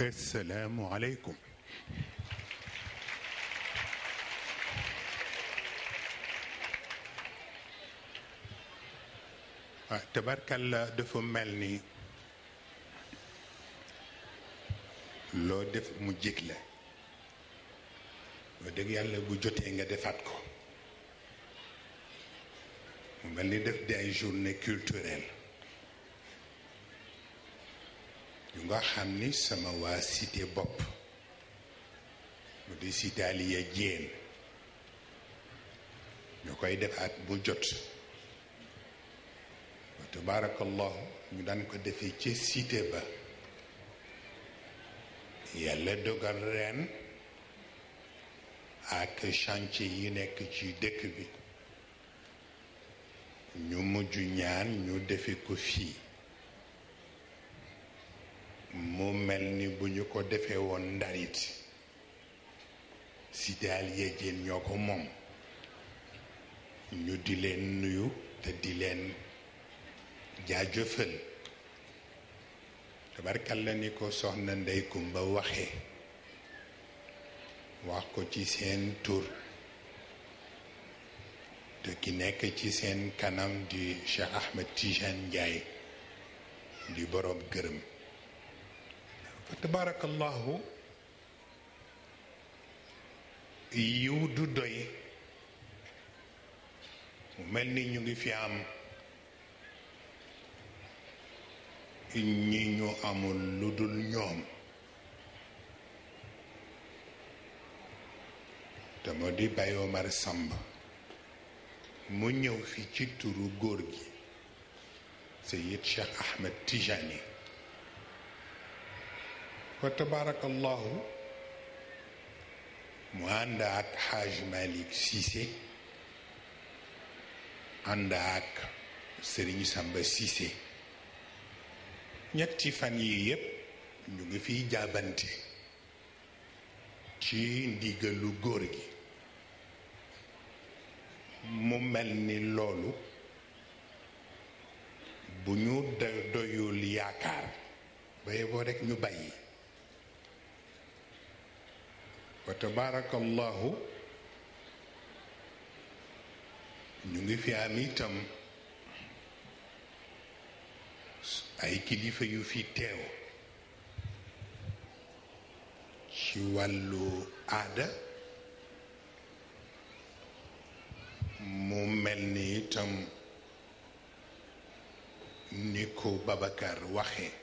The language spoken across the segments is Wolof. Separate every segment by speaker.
Speaker 1: السلام عليكم آه، تبارك الله دف ملني لو دف مجيك لا ودك يالله بو جوتي nga defat ko ملني دف دي اي جورني culturelle nga xam ni sama waa cité bopp mu di cité Aliya Jéen ñu koy def at bu jot wa tabaarakallahu ñu daan ko defe ca cité ba yàlla dogal reen ak chantier yi nekk ci dëkk bi ñu mujj ñaan ñu defe ko fii mu mel ni bu ñu ko defee woon ndarit cité Alioune Diène ñoo ko moom ñu di leen nuyu te di leen jaajëfal tabarkalla ni ko soxna Ndey Kumba waxe wax ko ci seen tur te ki nekk ci seen kanam di Cheikh Ahmed Tidiane Ndiaye di boroom gërëm tabaarakallaahu yiw du doy mu mel ni ñu ngi fi am ñi ñu amul lu dul ñoom te moo di Baye Omar Samb mu ñëw fi ci turu góor gi Seyid Cheikh Ahmed Tijani fa tabarakallahu mu ànd ak xaaj Malick Cissé ànd ak sëriñ Samba Cissé ñetti fan yi yépp ñu ngi fiy jaabante ci ndigalu góor gi mu mel ni loolu bu ñu doyul yaakaar ba yeboo rekk ñu bàyyi وتبارك الله نيغي في اميتام اي كليفه يو في تيو شي والو ادا مو تم نيكو بابكار وخه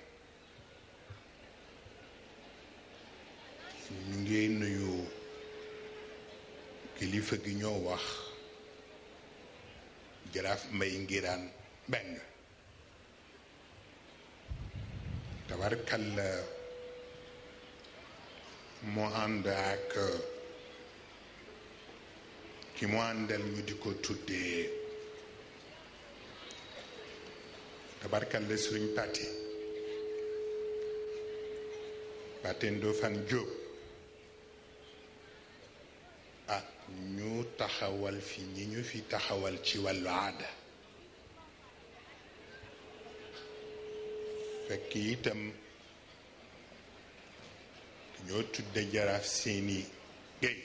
Speaker 1: ñu ngi nuyu kilifa gi ñoo wax jaraaf may ngiraan benn tabarkalla mu ànd ak ki mu àndal ñu di ko tuddee tabarkalla suñ pati patendo fan jóg ñu taxawal fi ñi ñu fi taxawal ci wàllu aada fekk itam ñoo tudde jaraaf seeni géy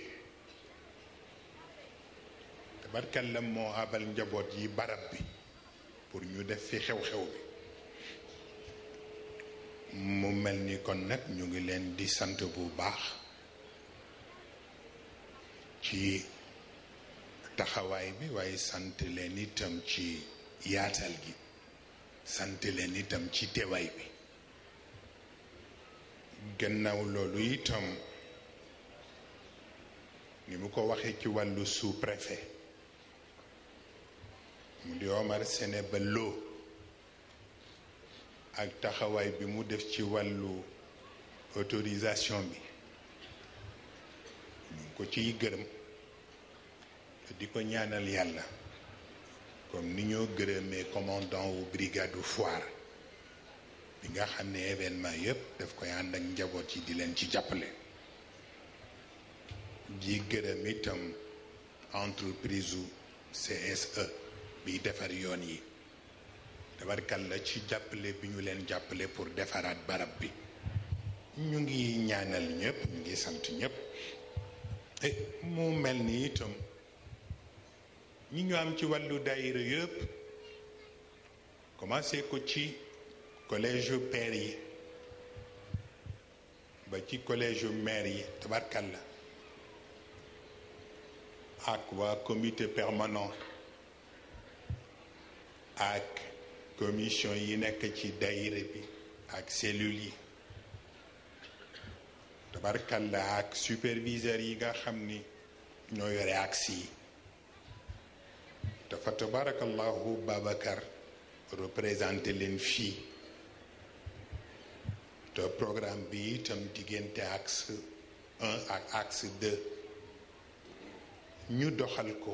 Speaker 1: tabarkalla moo abal njaboot yi barab bi pour ñu def fi xew-xew bi mu mel ni kon nag ñu ngi leen di sant bu baax ci taxawaay bi waaye sant leen itam ci yaatal gi sant leen itam ci teewaay bi gannaaw loolu itam ni mu ko waxee ci wàllu sous-préfet mu di Omar Sene ba ak taxawaay bi mu def ci wàllu autorisation bi ñu ko ciy gërëm te di ko ñaanal yàlla comme ni ñoo gërëmee commandant wu brigade foire bi nga xam ne événement yëpp daf koy ànd ak njaboot yi di leen ci jàppale ji gërëm itam entreprise u CSE biy defar yoon yi tabarkal la ci jàppale bi ñu leen jàppale pour defaraat barab bi ñu ngi ñaanal ñëpp ñu ngi sant ñëpp te mu mel ni itam ñi ñu am ci wàllu daayira yëpp commencé ko ci collège père yi ba ci collège maire yi tabarkalla ak waa comité permanent ak commission yi nekk ci daayira bi ak cellule yi tabarkalla ak superviseurs yi nga xam ni ñoo yore axe yi dafa tabarakallahu Babacar représenté leen fii te programme bi itam diggante axe un ak axe deux ñu doxal ko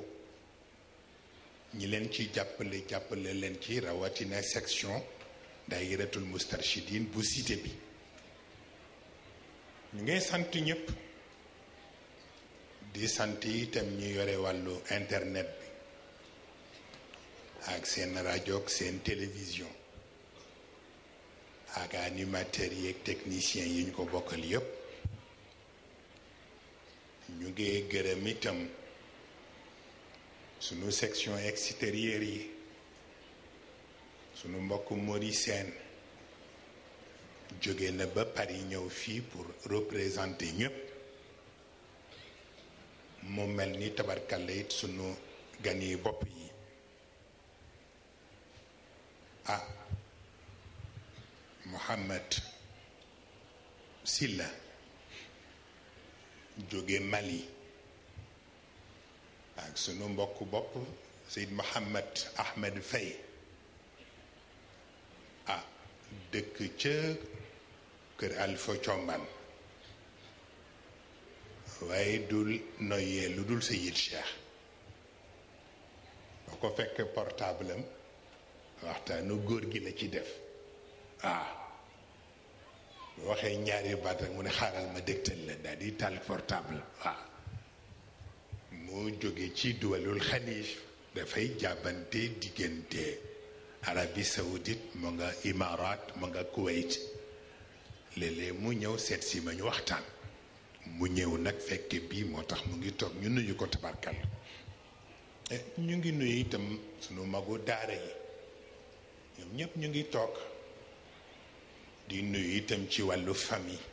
Speaker 1: ñi leen ci jàppale jàppale leen ci rawatina section daayiratul mustarshidin bu cité bi ñu ngay sant ñëpp di sant itam ñu yore wàllu internet bi ak seen rajo ak seen télévision ak animateurs yi ak techniciens yi ñu ko bokkal yépp ñu ngi gërëm itam sunu section extérieure yi sunu mbokk Maurice seen jóge na ba Paris ñew fi pour représenter ñep mo melni tabarkalla it sunu gani bop yi ah mohammed Silla jóge Mali ak sunu mbokku bop Seyd mohammed Ahmed fay ah dëkk ci kër Alpha Combaan waaye dul noyyee lu dul Seyid Cheikh boo ko fekkee portable am waxtaanu góor gi la ci def ah bu waxee ñaari baat rek mu ne xaaral ma dégtal la daal di taal portable waaw moo jóge ci duwalul xalif dafay jàbbante diggante Arabie Saoudite mu nga Imarat mu nga Kuwait léeg-léeg mu ñëw seet si mañu waxtaan mu ñëw nag fekke bii moo tax mu ngi toog ñu nuyu ko tabarkal eh, ñu ngi nuyu itam suñu magu daara yi ñoom ñëpp ñu ngi toog di nuyu itam ci wàllu famille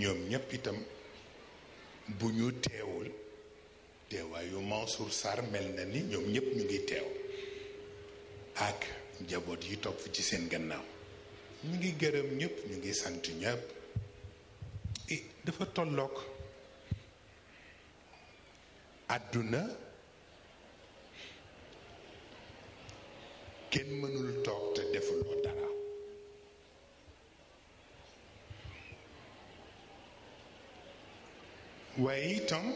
Speaker 1: ñoom ñëpp itam bu ñu teewul teewaayu Mansour Sarr mel na ni ñoom ñëpp ñu ngi teew ak njaboot yi topp ci seen gannaaw ñu ngi gërëm ñëpp ñu ngi sant ñëpp dafa tollook àdduna kenn mënul toog te defuloo dara waaye itam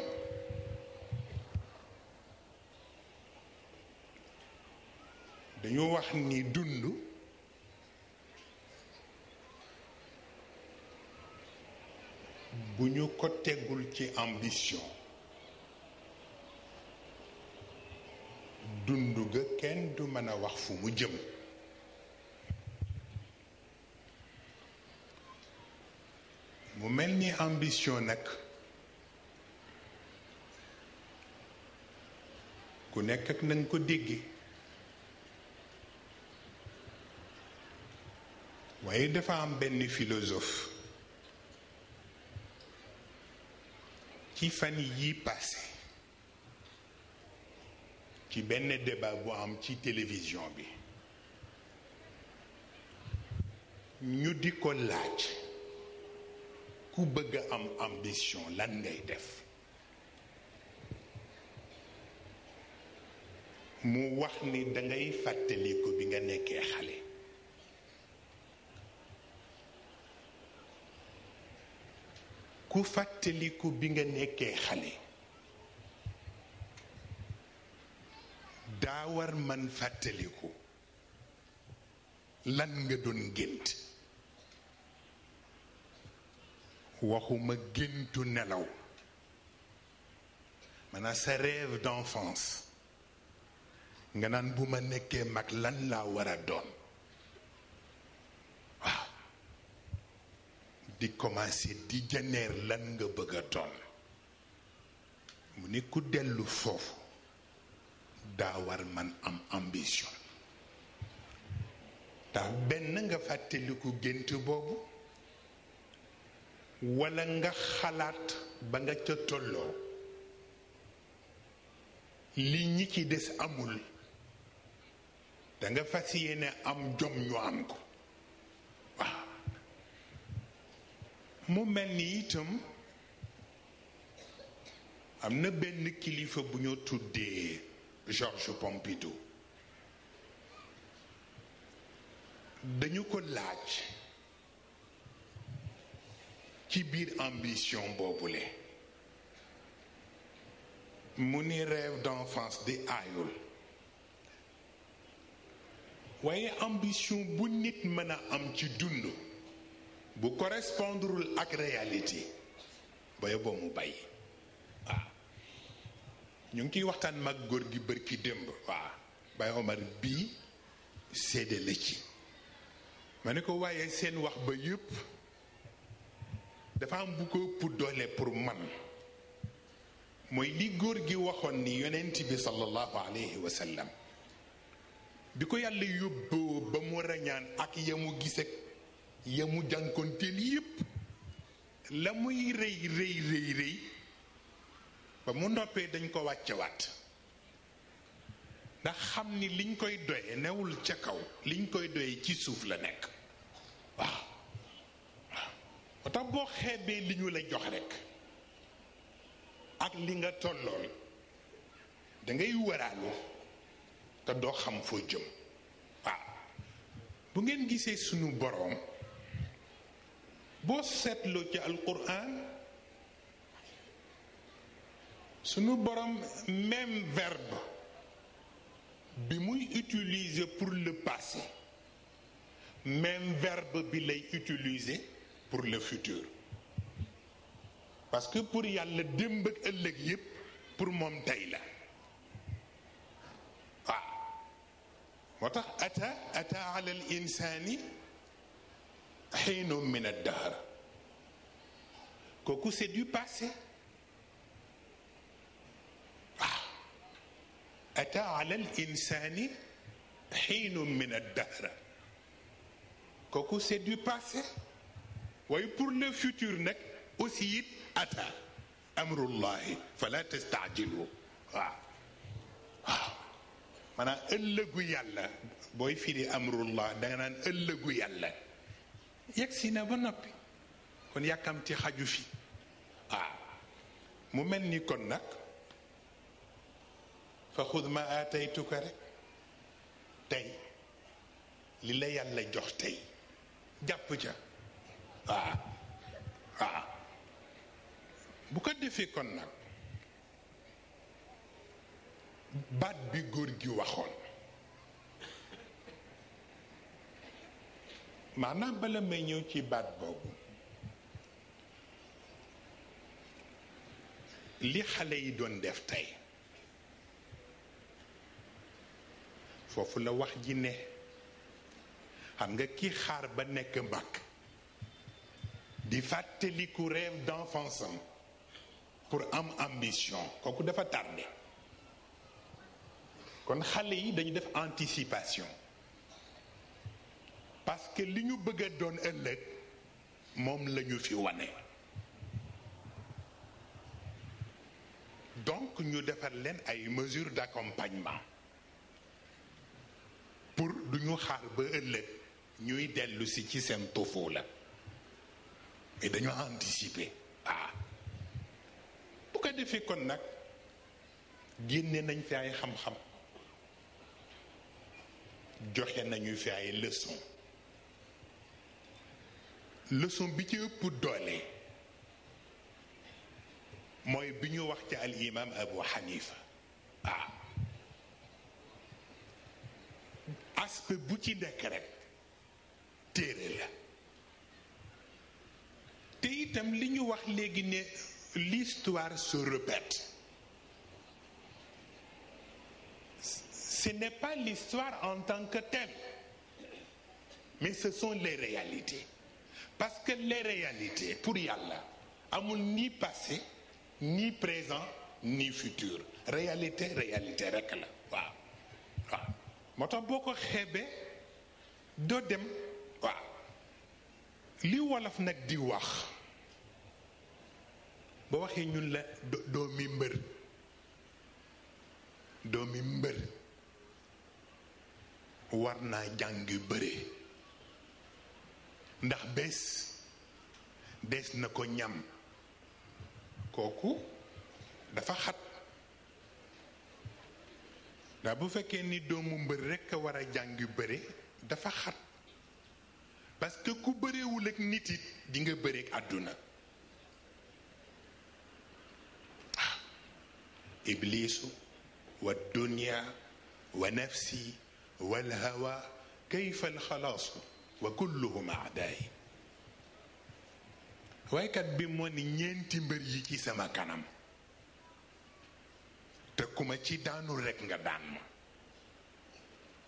Speaker 1: dañu wax ni dund bu ñu ko tegul ci ambition dund ga kenn du mën a wax fu mu jëm mu mel ni ambition nag ku nekk ak nañ ko déggi waaye dafa am benn filosof Qui fait yi passé ci benn débat bu am ci télévision bi ñu di ko laaj ku bëgg am ambition l'année ngay def mu wax ni dangay fàttaliku bi nga nekkee xale ku fàttaliku bi nga nekkee xale daa man fàttaliku lan nga doon gént waxuma géntu nelaw maanaam sa rêve d'enfance nga naan bu ma nekkee mag lan laa war a doon di commencé di janeer lan nga bëgg a doon mu ni ku dellu foofu daa war man am ambition ndax benn nga fàttaliku gént boobu walla nga xalaat ba nga ca tolloo li ñi ci des amul danga fas yéene am jom ñu am ko Mou men ni item, am ne ben ne kilife boun yo tout de George Pompidou. Den yon kon laj, ki bid ambisyon bo poule. Mouni rev dan fans de ayol. Woye ambisyon boun nit mena am ti dun nou, bu correspondre ak réalité ba yoboo bomu bay wa ñu ngi waxtan waxtaan mag góor gi barki demb wa Baye Omar bi seede le ci ma ne ko waaye seen wax ba yépp dafa am bu ko ëpp doole pour man moy li gor gi waxon ni yonent bi sallallahu alayhi wa sallam biko yalla yobbo ba mo rañan ak yamu gis ya mu jànkonteel yépp la muy rëy rëy rëy ba mu noppee dañ ko wàccewaat ndax xam ni liñ koy doye newul ca kaw liñ koy doye ci suuf la nekk waaw waaw boo xeebee li ñu la jox rekk ak li nga tollool dangay waraalu te doo xam foo jëm waaw bu ngeen gisee sunu boroom boo seetloo ci alquran sunu borom même verbe bi muy utiliser pour le passé même verbe bi lay utiliser pour le futur parce que pour yàlla démb ak ëllëg yépp pour moom tey la waaw ah. moo tax ata ata ala al insani حين من الدهر كوكو سي دو باسي أتى على الإنسان حين من الدهر كوكو سي دو باسي وي بور لو فيتور نك أوسي أتى أمر الله فلا تستعجلوا مانا ألغو يالا بوي فيدي أمر الله دانان ألغو يالا yegsi na ba noppi kon yàkkamti xaju fi ah. mu mel ni kon nag fa xud ma aataytuka rek tey li la yàlla jox tey jàpp ca ah. Ah. bu ko defee kon nag baat bi góor gi waxoon maanaam bala may ñëw ci baat boobu li xale yi doon def la wax ji ne ki xaar ba di rêve d'enfance pour am ambition kooku dafa tardé kon anticipation parce que li ñu bëgg a doon ëllëg moom la fi wane donc ñu defar leen ay mesures d'accompagnement pour duñu xaar ba ëllëg ñuy dellu si ci seen tofoo la et dañu anticiper ah bu ko defee kon nag génne nañ fi ay xam-xam joxe nañu fi ay leçons leçon bi pour ëpp doole mooy bi ñu wax ci al imam abu xanifa ah aspect bu de nekk rek la te itam wax l'histoire se répète ce n'est pas l'histoire en tant que thème. mais ce sont les réalités parce que les réalités, pour y n'ont ni passé, ni présent, ni futur. Réalité, réalité rek la. beaucoup dem Li walaf nak di wax bo ñun la war ndax bés des na ko ñam kooku dafa xat ndax bu fekkee ni doomu mbër rekk a war a jàngi bëre dafa xat parce que ku bërewul ak nit it di nga ak àdduna ah. iblisu wa dunya wa nafsi wal hawa kayfa al xalaasu wa kulluhum aadaay waykat bi moo ni ñeenti mbër yi ci sama kanam te ku ma ci daanul rekk nga daan ma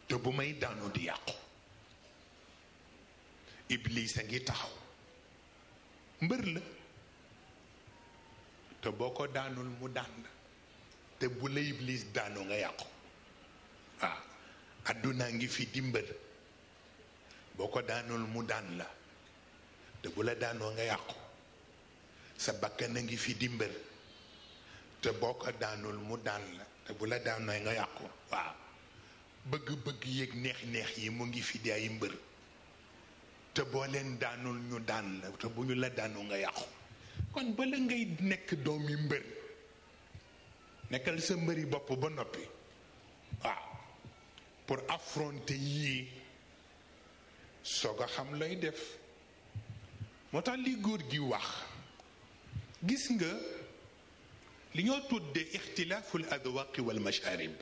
Speaker 1: te bu may daanu di yàqu iblis a ngi taxaw mbër la te boo ko daanul mu daan la te bu la iblis daanu nga yàqu waaw àdduna ngi fi di mbër boo ko daanul mu daan la te bu la daanoo nga yàqu sa bakkan a ngi fi dimbal te boo ko daanul mu daan la te bu la daanoo nga yàqu waaw bëgg-bëgg yéeg neex-neex yi mu ngi fi di ay mbër te boo leen daanul ñu daan la te bu ñu la daanoo nga yàqu kon bala ngay nekk doomi mbër nekkal sa mbëri bopp ba noppi waaw pour affronter yii soga xam lay def motax li góor gi wax gis nga li ñoo tudde ikhtilaful adwaq wal masharib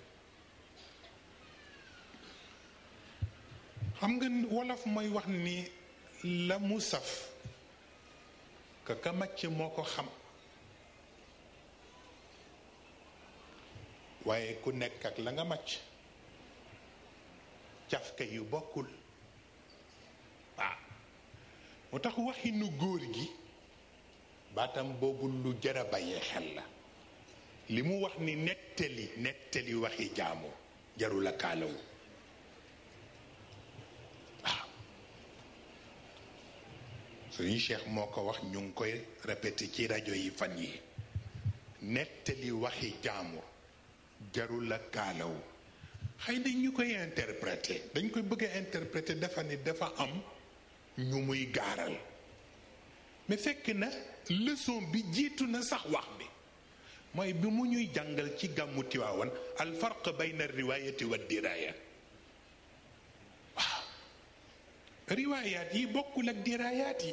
Speaker 1: xam nga wolof mooy wax ni la musaf ka ka màcc moko xam waaye ku nekk ak la nga màcc cafka yu bokkul mu tax waxinu góor gi baatam boobu lu jara bàyyee xel la li mu wax ni nettali nettali waxi jaamu jarula a kaalawu waaw suñu cheikh moo ko wax ñu ngi koy répété ci rajo yi fan yi nettali waxi jaamu jarul a kaalawu xëy dañ ñu koy interprété dañ koy bëgg a interprété dafa ne dafa am ñu muy gaaral mais fekk na leçon bi jiitu na sax wax bi mooy bi mu ñuy jàngal ci gàmmu Tiwaawan al farq bayna riwaayati wa diraaya riwaayaat yi bokkul ak diraayaat yi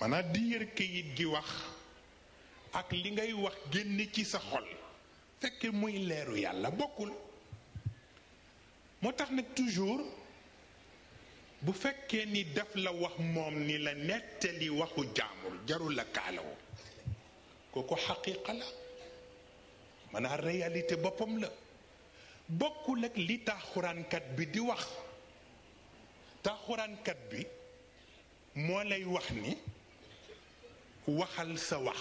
Speaker 1: waaw di yër këyit gi wax ak li ngay wax génn ci sa xol fekk muy leeru yàlla bokkul moo tax nag toujours bu fekkee ni daf la wax moom ni la nettali waxu jaamur jarul la kaalawo kooku xaqiqa la maanaam réalité boppam la bokkul ak li taaxuraankat bi di wax taaxuraankat bi moo lay wax ni waxal sa wax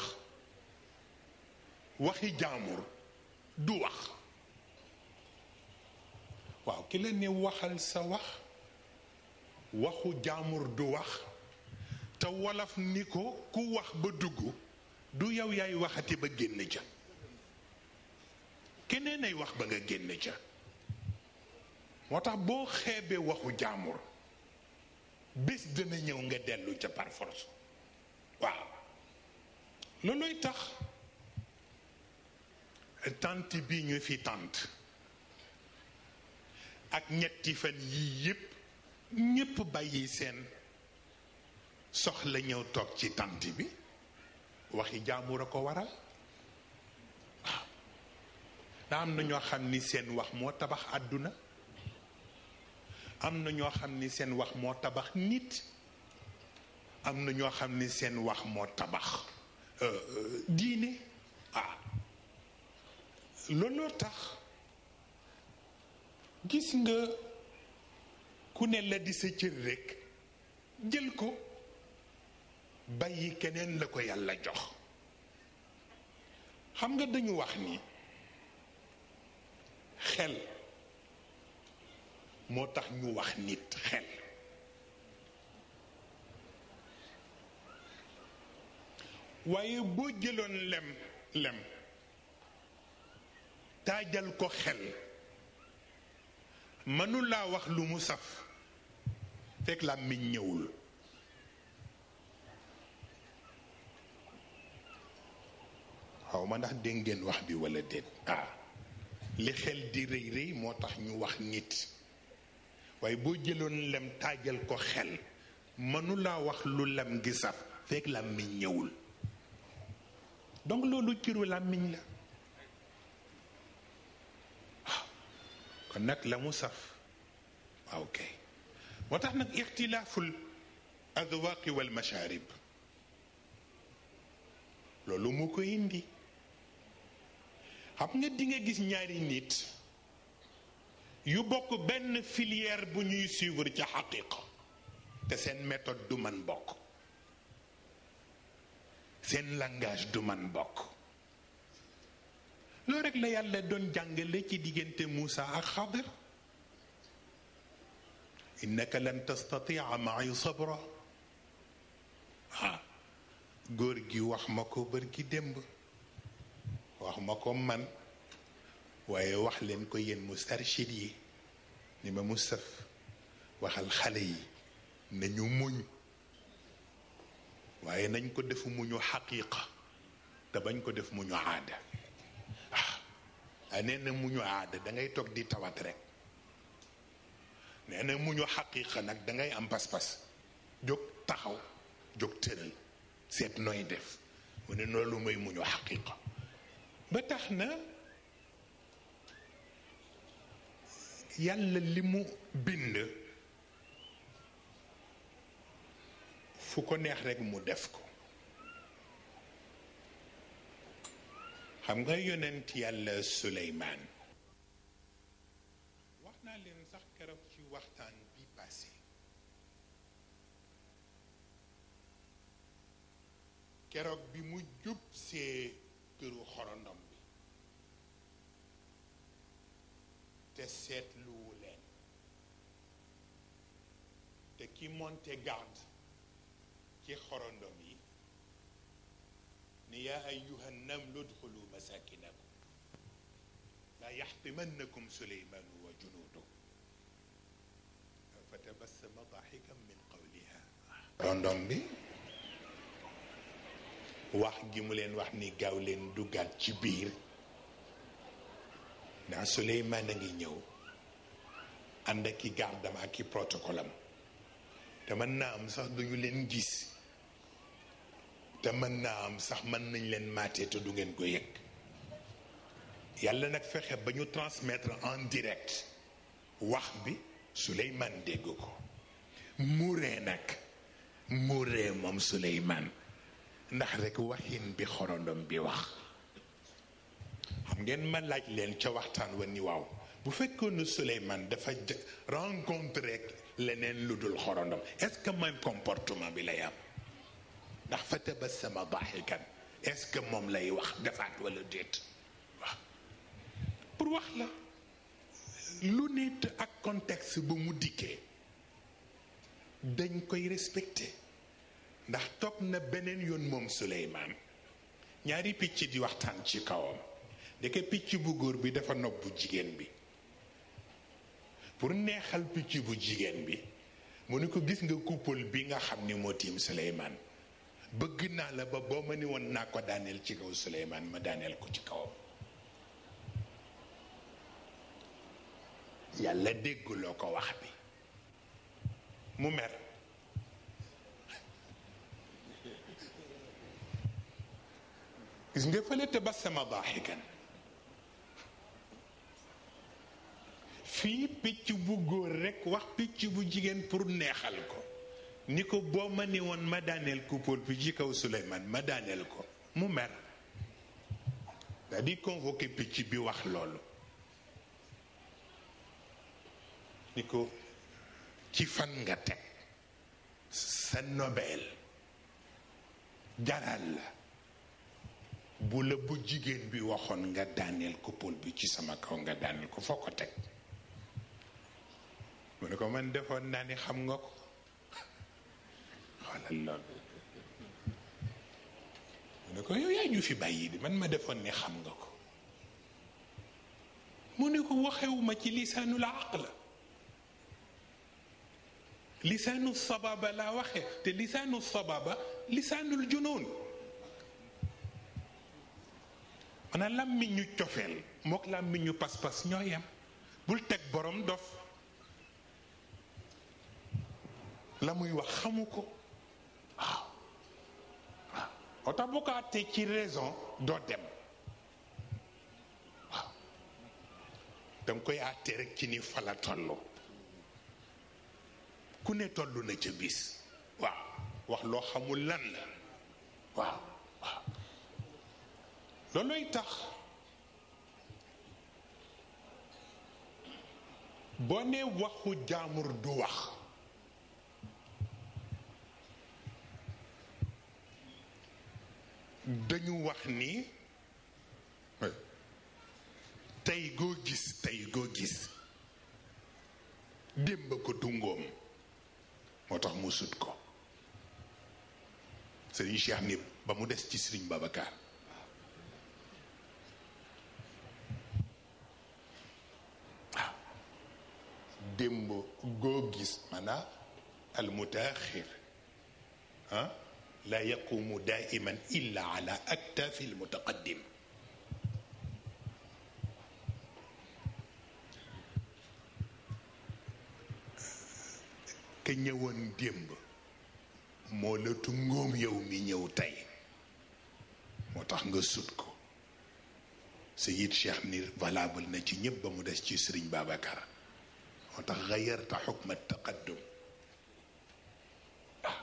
Speaker 1: waxi jaamur du wax waaw ki la ne waxal sa wax waxu jaamur du wax te wolof ni ko ku wax ba dugg du yow yaay waxati ba génn ca keneen ay wax ba nga génn ca moo tax boo xeebee waxu jaamur bés dina ñëw nga dellu ca par force waaw looluy tax tànt bi ñu fi tànt ak ñetti fan yii yépp ñépp bàyyi seen soxla ñëw toog ci tant bi waxi jaamur a ko waral waaw am na ñoo xam ni seen wax moo tabax àdduna am na ñoo xam ni seen wax moo tabax nit am na ñoo xam ni seen wax moo tabax euh, euh, diine ah looloo tax gis nga ku ne la di sa cër rekk jël ko bàyyi keneen la ko yàlla jox xam nga dañu wax ni xel moo tax ñu wax nit xel waaye boo jëloon lem lem taajal ko xel mënu laa wax lu mu saf fekk làmmiñ ñëwul xaw ma ndax dégg ngeen wax bi wala déet ah li xel di rëy rëy moo tax ñu wax nit waaye boo jëloon lem taajal ko xel mënulaa wax lu lem gi saf fekk làmmiñ ñëwul donc loolu ciru làmmiñ la kon nag lamu saf waaw kay وتحمل اختلاف الاذواق والمشارب لولو موكو هندي خم نيت ديغا غيس نياري نيت يو بوك بن فيليير بو نيو سيفر تي حقيقه تا سين ميثود دو مان بوك سين لانغاج دو مان بوك لو رك لا يالا دون جانغال تي ديغنت موسى اك خضر انك لن تستطيع معي صبرا ها جورجي وحمكو بركي ديمب وحمكو من واي وحلن كوين مسترشدي نما مصف وخال خالي نانيو موني واي نانكو ديف موني حقيقه تا بانكو ديف موني عاده انا نمونو عاده دا توك دي توات nee na muñu xaqiqa nag da ngay am pas-pas jóg taxaw jóg tëral seet nooy def mu ne loolu mooy muñu xaqiqa ba tax na yàlla li mu bind fu ko neex rek mu def ko xam nga yonent yàlla suleymaan keroog bi mu jub see këru xorondom bi te seetluwu leen te ki monte garde ci xorondom yi ni yaa ayuha namlu udxulu masakinakum laa yaxtimannakum suleymaanu wa junuudu fa tabassama daaxikan min qawliha xorondom bi wax gi mu leen wax ni gaaw leen duggaat ci biir ndax Suleymaan a ngi ñëw ànd ak i gardam ak i protocole am te mën naa am sax duñu leen gis te mën naa am sax mën nañ leen maate te du ngeen ko yëg yàlla nag fexe ba ñu transmettre en direct wax bi Suleymaan dégg ko muuree nag muuree moom Suleymaan ndax rekk waxin bi xorondom bi wax xam ngeen ma laaj leen ca waxtaan wa ni waaw bu fekkoon ne Souleymane dafa rencontré leneen lu dul xorondom est-ce que même comportement bi lay am ndax fa tabassama sama est-ce que moom lay wax defaat walla déet waaw pour wax la lu nit ak contexte bu mu dikkee dañ koy respecté ndax toog na beneen yoon moom Suleymaan ñaari picc di waxtaan ci kawam ndeke picc bu góor bi dafa nopp jigéen bi pour neexal picc bu jigéen bi mu ni ko gis nga couple bi nga xam ni moo tiim Suleymaan bëgg naa la ba boo ma ni woon naa ko daaneel ci kaw Suleymaan ma daaneel ko ci kawam yàlla dégguloo ko wax bi mu mer gis nga fële tabassama daaxikan fii picc bu góor rekk wax picc bu jigéen pour neexal ko ni ko boo ma ni woon ma daaneel coupole bi ci kaw Suleymaan ma daaneel ko mu mer daa di convoqué picc bi wax loolu ni ko ci fan nga teg sa nobel jaral la bu la bu jigen bi waxon nga daniel ko pol bi ci sama kaw nga daniel ko foko tek teg ne ko man defon nani xam nga ko xoolal loolu mu ne ko yow ñu fi bàyyi di man ma defon ni xam nga ko mu ne ko waxewuma ci lisanul aql lisanu sababa la waxe te lisanu sababa lisanul junoon maanaam làmmiñ ñu cofeel mook làmmiñ ñu pas-pas ñoo yem bul teg borom dof la muy wax xamu ko waaw waaw moo tax ko àttee ci raison doo dem waaw koy àttee rek ci ni fala tollu ku ne tollu na ca bis waaw wax loo xamul lan la waaw loolooy tax boo nee waxu jaamur du wax dañu wax ni tey goo gis tey goo gis démb ko dungoom moo tax mu sut ko sëriñ Cheikh ni ba mu des ci sëriñ Babacar démb goo gis maanaa al mutaaxir ah la yaqumu daiman illa ala aktafi al mutaqaddim ka ñëwoon démb moo la tungóom yow mi ñëw tey moo tax nga sut ko Seyid Cheikh ni valable na ci ñëpp ba mu des ci Sëriñ Babacar moo tax xayarta xukma taqaddum ah.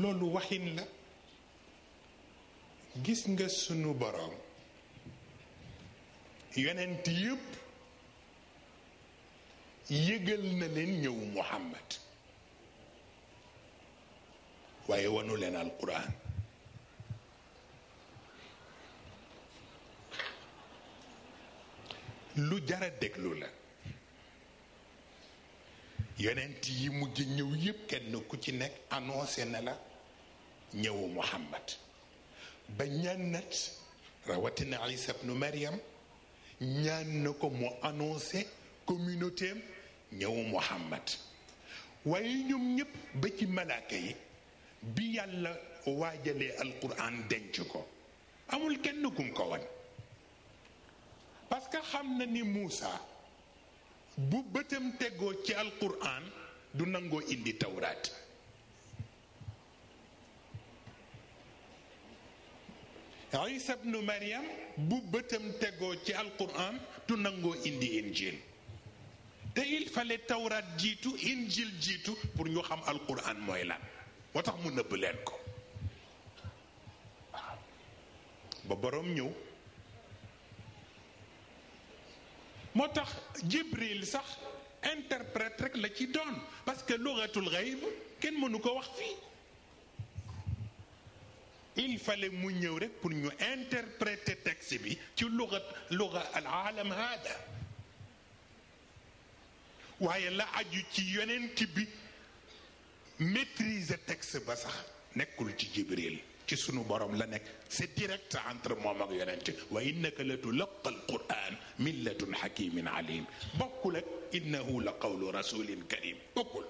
Speaker 1: loolu waxin la gis nga sunu boroom yonent yépp yëgal na leen ñëw Muhammad waaye wanu leen alquran lu jara déglu la yonent yi mujj ñëw yépp kenn ku ci nekk annoncé na la ñëwu muhammad ba ñaan nat rawatina isa bnu mariam ñaan na ko mu annoncé communauté ñëwu muhammad waaye ñoom ñépp ba ci malaaka yi bi yàlla waajalee alquran denc ko amul kenn kum ko wan parce que xam na ni Moussa bu bëtam tegoo ci alquran du nangoo indi tawraat Isa bnu Maryam bu bëtam tegoo ci alquran du nangoo indi injil te il fallait tawraat jiitu injil jiitu pour ñu xam alquran mooy lan moo tax mu nëbb leen ko ba boroom ñëw motax jibril sax interprète rek la ci doon parce que lughatul ghaib ken mënu ko wax fi il fallait mu ñëw rek pour ñu interpréter texte bi ci lugat lugha al alam hada waye la aju ci yonent bi maîtriser texte ba sax nekul ci jibril ci sunu borom la nek c'est direct entre mom ak yonent wa innaka la tulaqa alquran min hakimin alim bokul ak innahu la qawlu rasulin karim bokul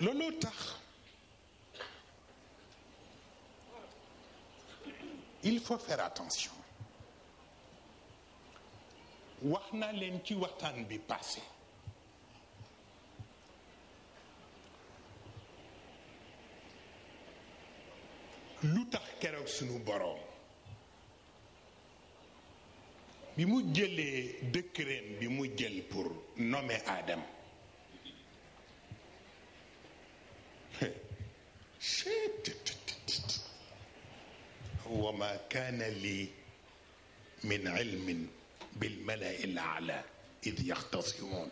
Speaker 1: lolo tax il faut faire attention wax naa leen ci waxtaan bi passé lu tax keroog sunu boroom bi mu jëlee décret bi mu jël pour nommer Adam وما كان لي من علم بالملأ الأعلى إذ يختصمون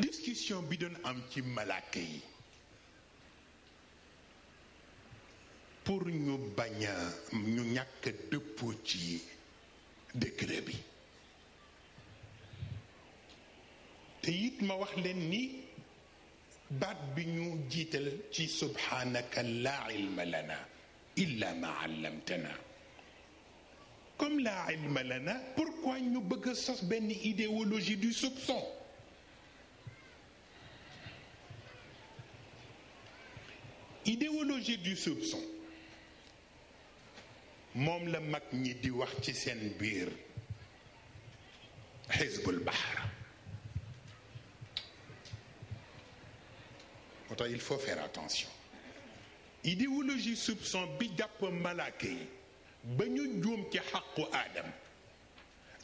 Speaker 1: ديسكسيون بدون ام تي ملاكي pour ñu baña ñu ñak depo ci décret bi te yit ma wax len ni baat bi ñu jiital ci subhanaka la ilma lana illa ma allamtana comme la ilma lana pourquoi ñu bëgg sos ben idéologie du soupçon idéologie du soupçon mom la mag ñi di wax ci sen bir il faut faire attention idéologie soupçon bi jàpp malaaka yi ba ñu juum ci xaqu aadam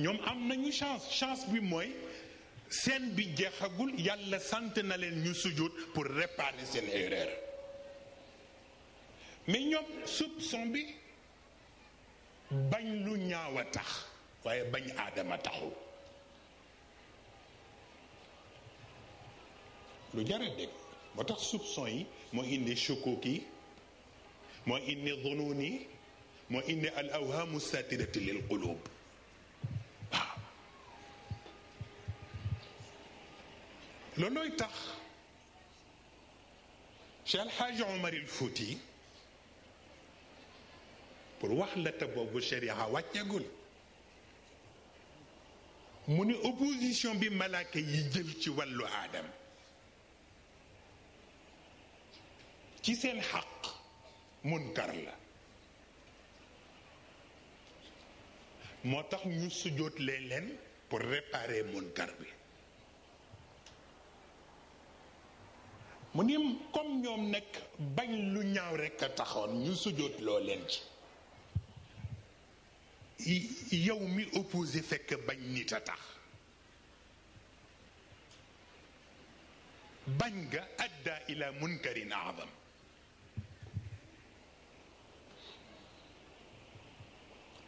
Speaker 1: ñoom am nañu chance chance bi mooy seen bi jeexagul yàlla sant na leen ñu sujjóot pour réparer seen erreur mais ñoom soupçon bi bañ lu ñaaw a tax waaye bañ aadama taxul lu jar a moo tax soupçon yi moo indi sukkuuk yi ما إني ظنوني ما إني الأوهام الساتدة للقلوب lil يتخ شال حاج عمر الفوتي pour wax la te boobu sharia wàccegul muni opposition bi malaka yi jël ci walu adam ci sen haqq منكر لا موتاخ ني سجوت لي لين pour réparer منكر بي منيم كوم نيوم نيك باغ لو نياو رك تاخون ني سجوت لو لين يو مي اوبوزي فك باغ نيتا تاخ باغا ادى الى منكر اعظم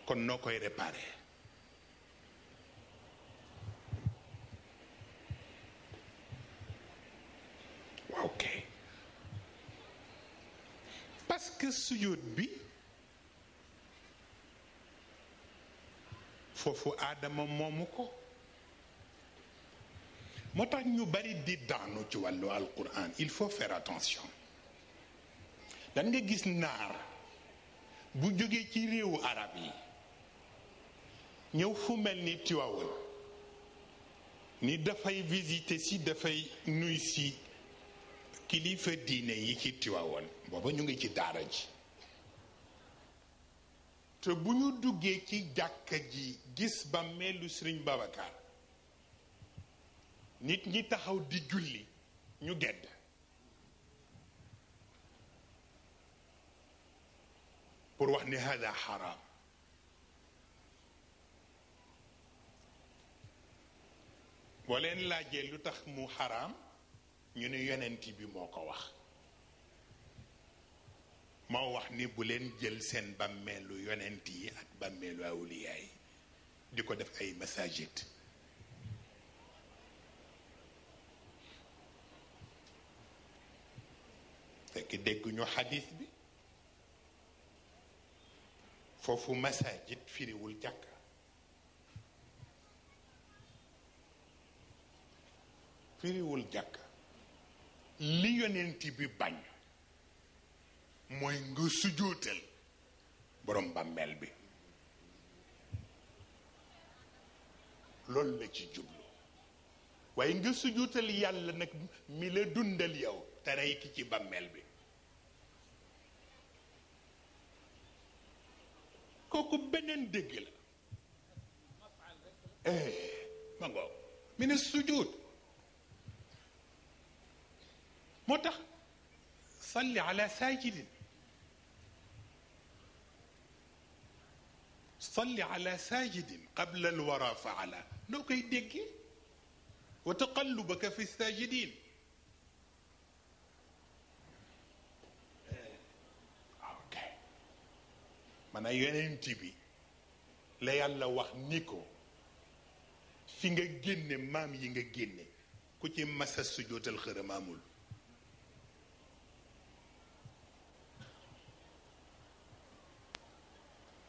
Speaker 1: kon noo koy réparé waaw parce que sujjóot bi foofu aadama moomu ko moo tax ñu bari di daanu ci wàllu alquran il faut faire attention dan nga gis naar bu jógee ci réewu arab yi ñëw fu mel ni Tiwaawan ni dafay visiter si dafay nuy si kilifa diine yi ci Tiwaawan booba ñu ngi ci daara ji te bu ñu duggee ci jàkka ji gis ba meelu Sëriñ Babacar nit ñi taxaw di julli ñu gedd pour wax ni hada xaraam ولين لا جل تخمو حرام ني يوننتي بي موكو واخ ما واخني بولين جل سن باميلو يوننتي اك باميلو اولياي ديكو داف اي مساجيت fekk dégg ñu xadis bi foofu masajit firiwul càkk firiwul jàkk li yonent bi bañ mooy nga sujootal borom bàmmeel bi loolu la ci jublu waaye nga sujootal yàlla nag mi la dundal yow te rey ki ci bàmmeel bi kooku beneen dégg la eh, ma ne sujoot موتخ صلي على ساجد صلي على ساجد قبل الورى فعلا لو كي وتقلبك في الساجدين من اي أنت بي لا يلا وحنيكو سينجا جيني مام ينجا جيني كتي مسا سجود الخير مامولو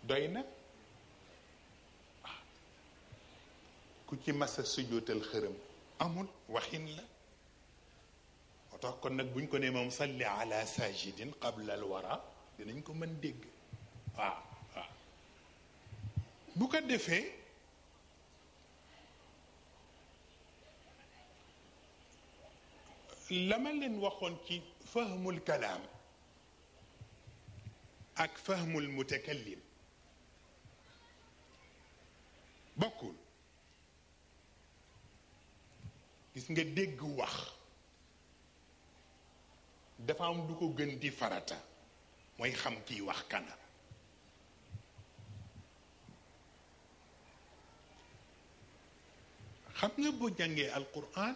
Speaker 1: doy na ku ci masa sujootal xërëm amul waxin la moo tax kon nag buñ ko ne moom salli ala sajidin qabla al wara dinañ ko mën dégg waaw waaw bu ko defee la ma leen waxoon ci fahmul kalaam ak fahmul mutakallim bokkul gis nga dégg wax dafa am du ko gën di farata mooy xam kiy wax kana xam nga boo jàngee alquran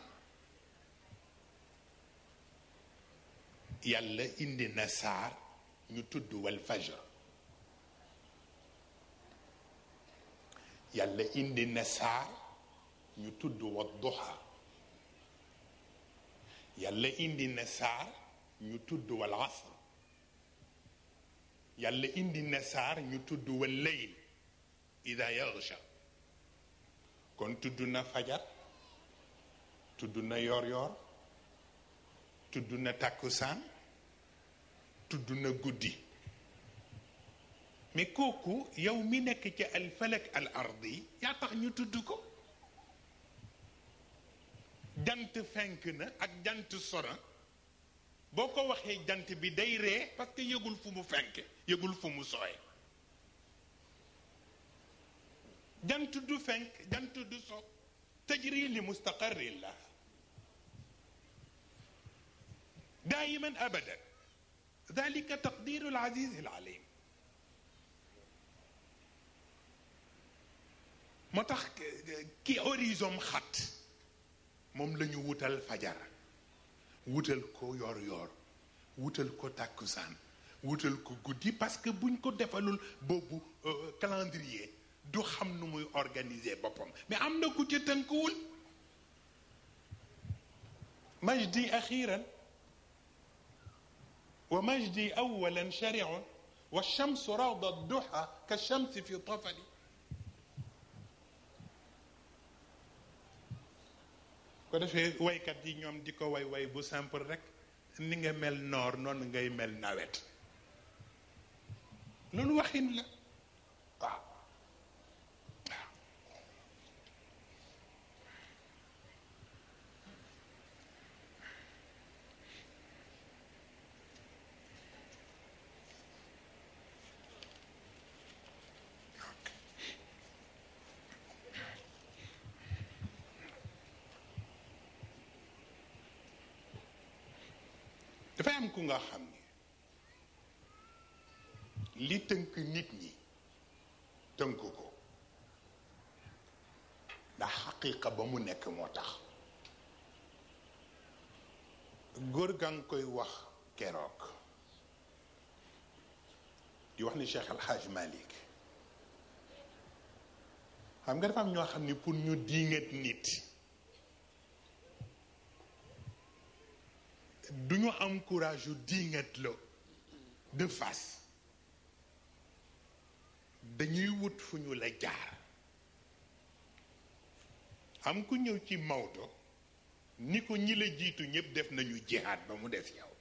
Speaker 1: yàlla indi na saar ñu tudd wal fajr yàlla indi na saar ñu tudd wadduha yàlla indi na saar ñu tudd wal asr yàlla indi na saar ñu tudd wal layl ida yaxsha kon tudd na fajar tudd na yor yor tudd na takkusaan tudd na guddi mais koku yow mi nek ci al falak al ardi ya tax ñu tuddu ko jant fenk na ak jant sora boko waxe waxee bi day re parce que yëgul fu mu fenk yëgul fu mu soy jant du fenk jant du so tajri li mustaqarr la دائما ابدا ذلك تقدير العزيز العليم moo tax ki horizon xat moom la ñu wutal fajar wutal ko yor yor wutal ko tàkkusaan wutal ko guddi parce que buñ ko defalul boobu calendrier du xam nu muy organiser boppam mais am na ku ci tënkuwul majdi axiran wa majdi awalan shariun والشمس روضة الضحى كالشمس في طفلي ko defee waykat yi ñoom di ko way woy bu simple rek ni nga mel noor noonu ngay mel nawet loolu waxin la waaw dafa am ku nga xam ni li tënk nit ñi tënk ko ndax xaqiqa ba mu nekk moo tax góor gaa ngi koy wax keroog di wax ni Cheikh El Hadj Malick xam nga dafa am ñoo xam ni pour ñu diingat nit du ñu am courage yu diingat la de dañuy wut fu ñu la jaar am ku ñëw ci Maodo ni ko ñi la jiitu ñëpp def nañu jihaad ba mu def yow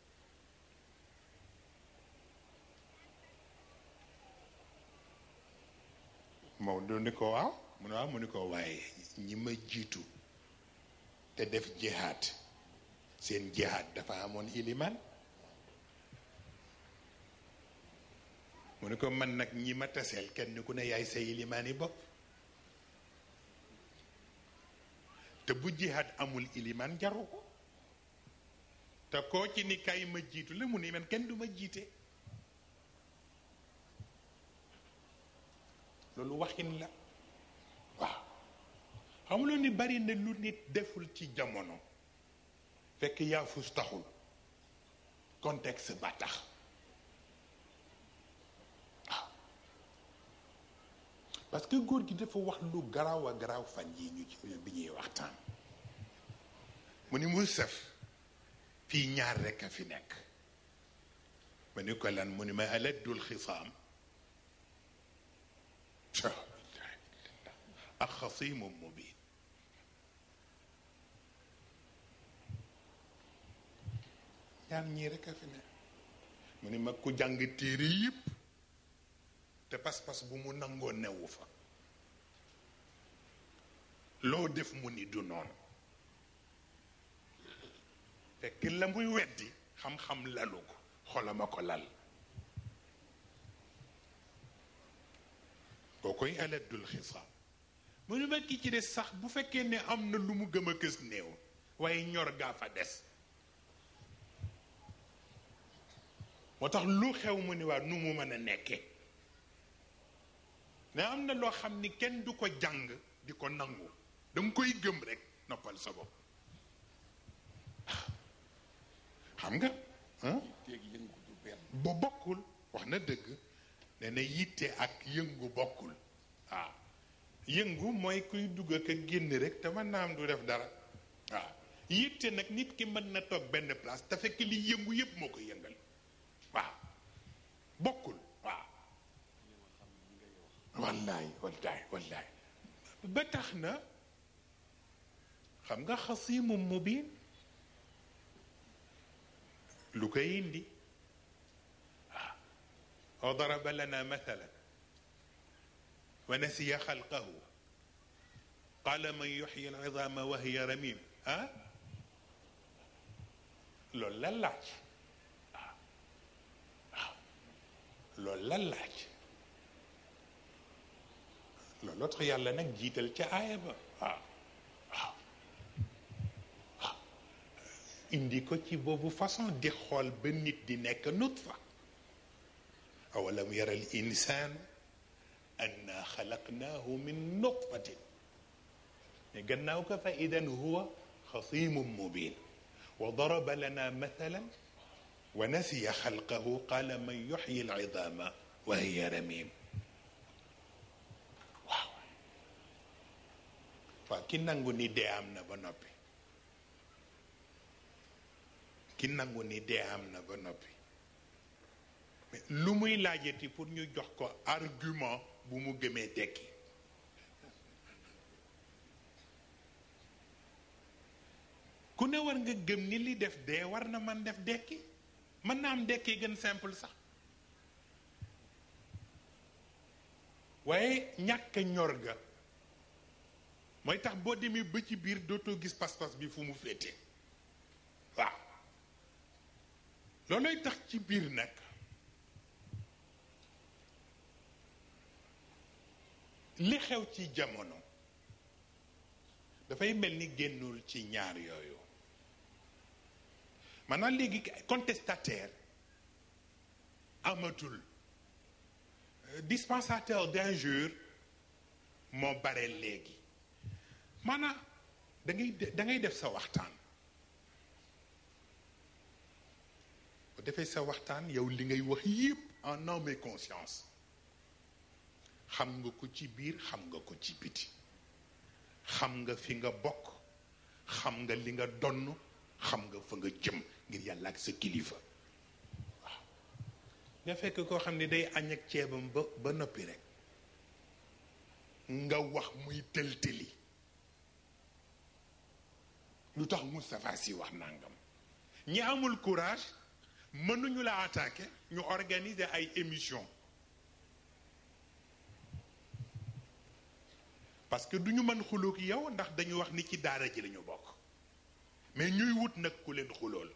Speaker 1: Maodo ni ko waaw mu ne mu ni ko waaye ñi ma jiitu te def jihaad seen jihaad dafa amoon ilimaan mu ne ko man nag ñi ma taseel kenn ku ne yaay sa ilimaan yi bopp te bu jihaad amul ilimaan jaru ko te koo ci ni ma jiitu la mu ne man kenn du ma jiite loolu waxin la waaw xamuloo ni bari na lu nit deful ci jamono fekk fus taxul contexte ba tax parce que góor gi dafa wax lu garaaw a garaaw fan yi ñu ci bi ñuy waxtaan mu ni mu sef fii ñaar rek a fi nekk ma ni ko lan mu ni ma aladdul xisaam ak xasimu mubin ñaar ñii ne mag ku jàng téere yépp te pas-pas bu mu nangoo newu fa loo def mu ni du noonu fekk la muy weddi xam-xam lalu ko xolama ko lal koo koy aladul xisaab mu ni ma ki ci des sax bu fekkee ne am na lu mu gëm a kës néew waaye ñor gaa fa des moo tax lu xew mu ni waa nu mu mën a nekke mais am na loo xam ni kenn du ko jàng di ko nangu danga koy gëm rek noppal sa bopp xam nga ba bokkul wax na dëgg nee na yitte ak yëngu bokkul waaw ah, yëngu mooy kuy dugg ak génn rek te mën naa am du def dara waaw ah, yitte nag nit ki mën na toog benn place te fekk li yëngu yépp moo ko yëngal بكل آه. والله والله والله بتخنا خمغا خصيم مبين لكاين دي آه. وضرب لنا مثلا ونسي خلقه قال من يحيي العظام وهي رميم ها أه؟ لولا اللحظه loolu la laaj looloo tax yàlla nag jiital ca aaya ba waaw waaw waaw indi ko ci boobu façon di xool ba nit di nekk nutfa awalam yara al insaan anna xalaqnaahu min nutfatin ne gannaaw ko fa idan huwa xasimun mubin wa daraba lana mathalan ونسي خلقه قال من يحيي العظام وهي رميم واو waaw ki nangu ni dee am na ba noppi ki nangu ni dee am na ba noppi mais lu muy laajati pour ñu jox ko argument bu mu gëmee tekki ku ne war nga gëm ni li def dee war na man def dekki mën naa am ndekkee gën simple sax waaye ñàkk ñor ga mooy tax boo demee ba ci biir dootoo gis pas-pas bi fu mu féete waaw loolooy tax ci biir nekk li xew ci jamono dafay mel ni génnewul ci ñaar yooyu maanaam léegi contestataire amatul euh, dispensateur d'injures mo bare léegi Mana da ngay da ngay def sa waxtan bu sa waxtan yow li ngay wax yépp en nom et conscience xam nga ko ci biir xam nga ko ci biti xam nga fi nga bok xam nga li nga donn xam nga fa nga jëm ngir yàlla ak sa kilifa waaw nga fekk koo xam ne day añ ak ceebam ba ba noppi rek nga wax muy tëltëli lu tax Moustapha yi wax nangam ñi amul courage mënuñu la attaquer ñu organiser ay émission parce que duñu mën xuloog yow ndax dañu wax ni ci daara ji lañu bokk mais ñuy wut nag ku leen xulool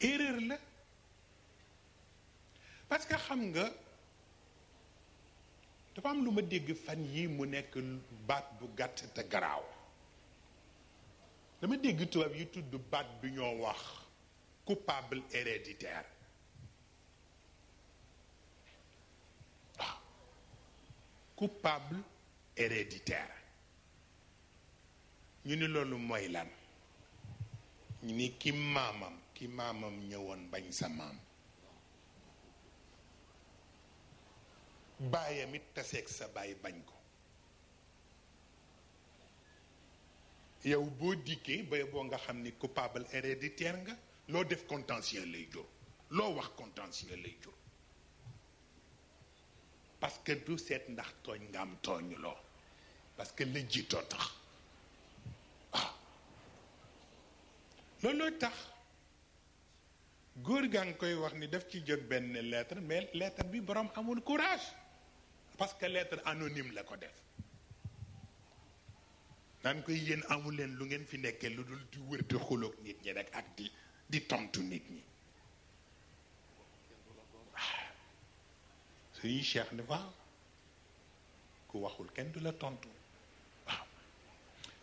Speaker 1: erreur la parce que xam nga dafa am lu ma dégg fan yi mu nekk baat bu gàtt te garaaw dama dégg tubaab yi tudd baat bi ñoo wax coupable héréditaire waaw coupable héréditaire ñu ni loolu mooy lan ni ki maamam ki maamam ñëwoon bañ sa maam baayam it taseeg sa baay bañ ko yow ba boo nga xam coupable def contentieux wax parce que tout seet ndax parce que la jiitoo tax waaw looloo tax góor gaa ngi koy wax ni daf ci jot benn lettre mais lettre bi borom amul courage parce que lettre anonyme la ko def naan koy yéen amul leen lu ngeen fi nekkee lu dul di wër di xuloog nit ñi rek ak di di tontu nit ñi suñu cheikh ne waaw ku waxul kenn du la tontu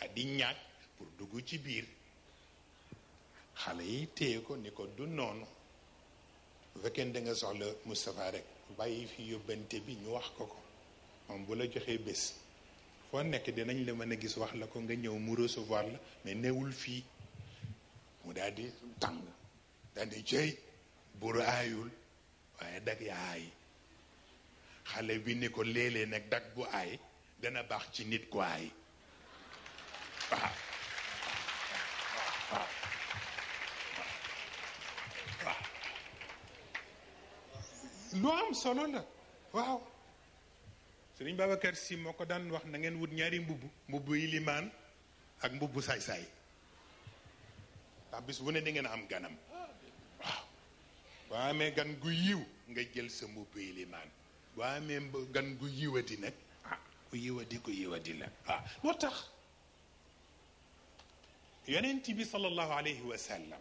Speaker 1: daal di ñaaj pour dugg ci biir xale yi téye ko ni ko du noonu bu fekkee da nga soxla Moustapha rek bàyyi fi yóbbante bi ñu wax ko ko moom bu la joxee bés foo nekk dinañ la mën a gis wax la ko nga ñëw mu recevoir la mais newul fii mu daal di tàng daal di jëy buru aayul waaye dag yaa aay xale bi ni ko léeg nag dag bu aay dana baax ci nit ku aay lu am solo la waaw sëriñ babacar si moo ko daan wax na ngeen wut ñaari mbubb mbubb ilimaan ak mbubb saay-saay ndax bis bu ne ngeen am ganam waaw boo amee gan gu yiw nga jël sa mbubb gan gu yiwati ah ku yiwati ku yiwati la waaw yonent bi sallallahu alayhi wa sallam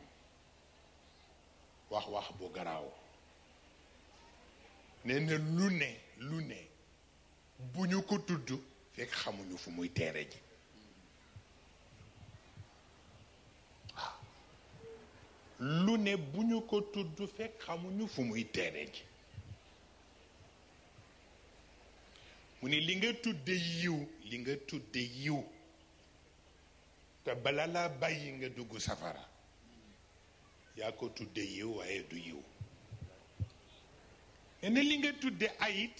Speaker 1: wax wax bu garaaw nee lu ne lu ne bu ñu ko tudd fekk xamuñu fu muy teere ji lu ne bu ñu ko tudd fekk xamuñu fu muy teere ji mu ne li nga tudde yiw li nga tudde yiw te bala laa bàyyi nga dugg safara yaa ko tudde yiw waaye du yiw ne li nga tudde ayit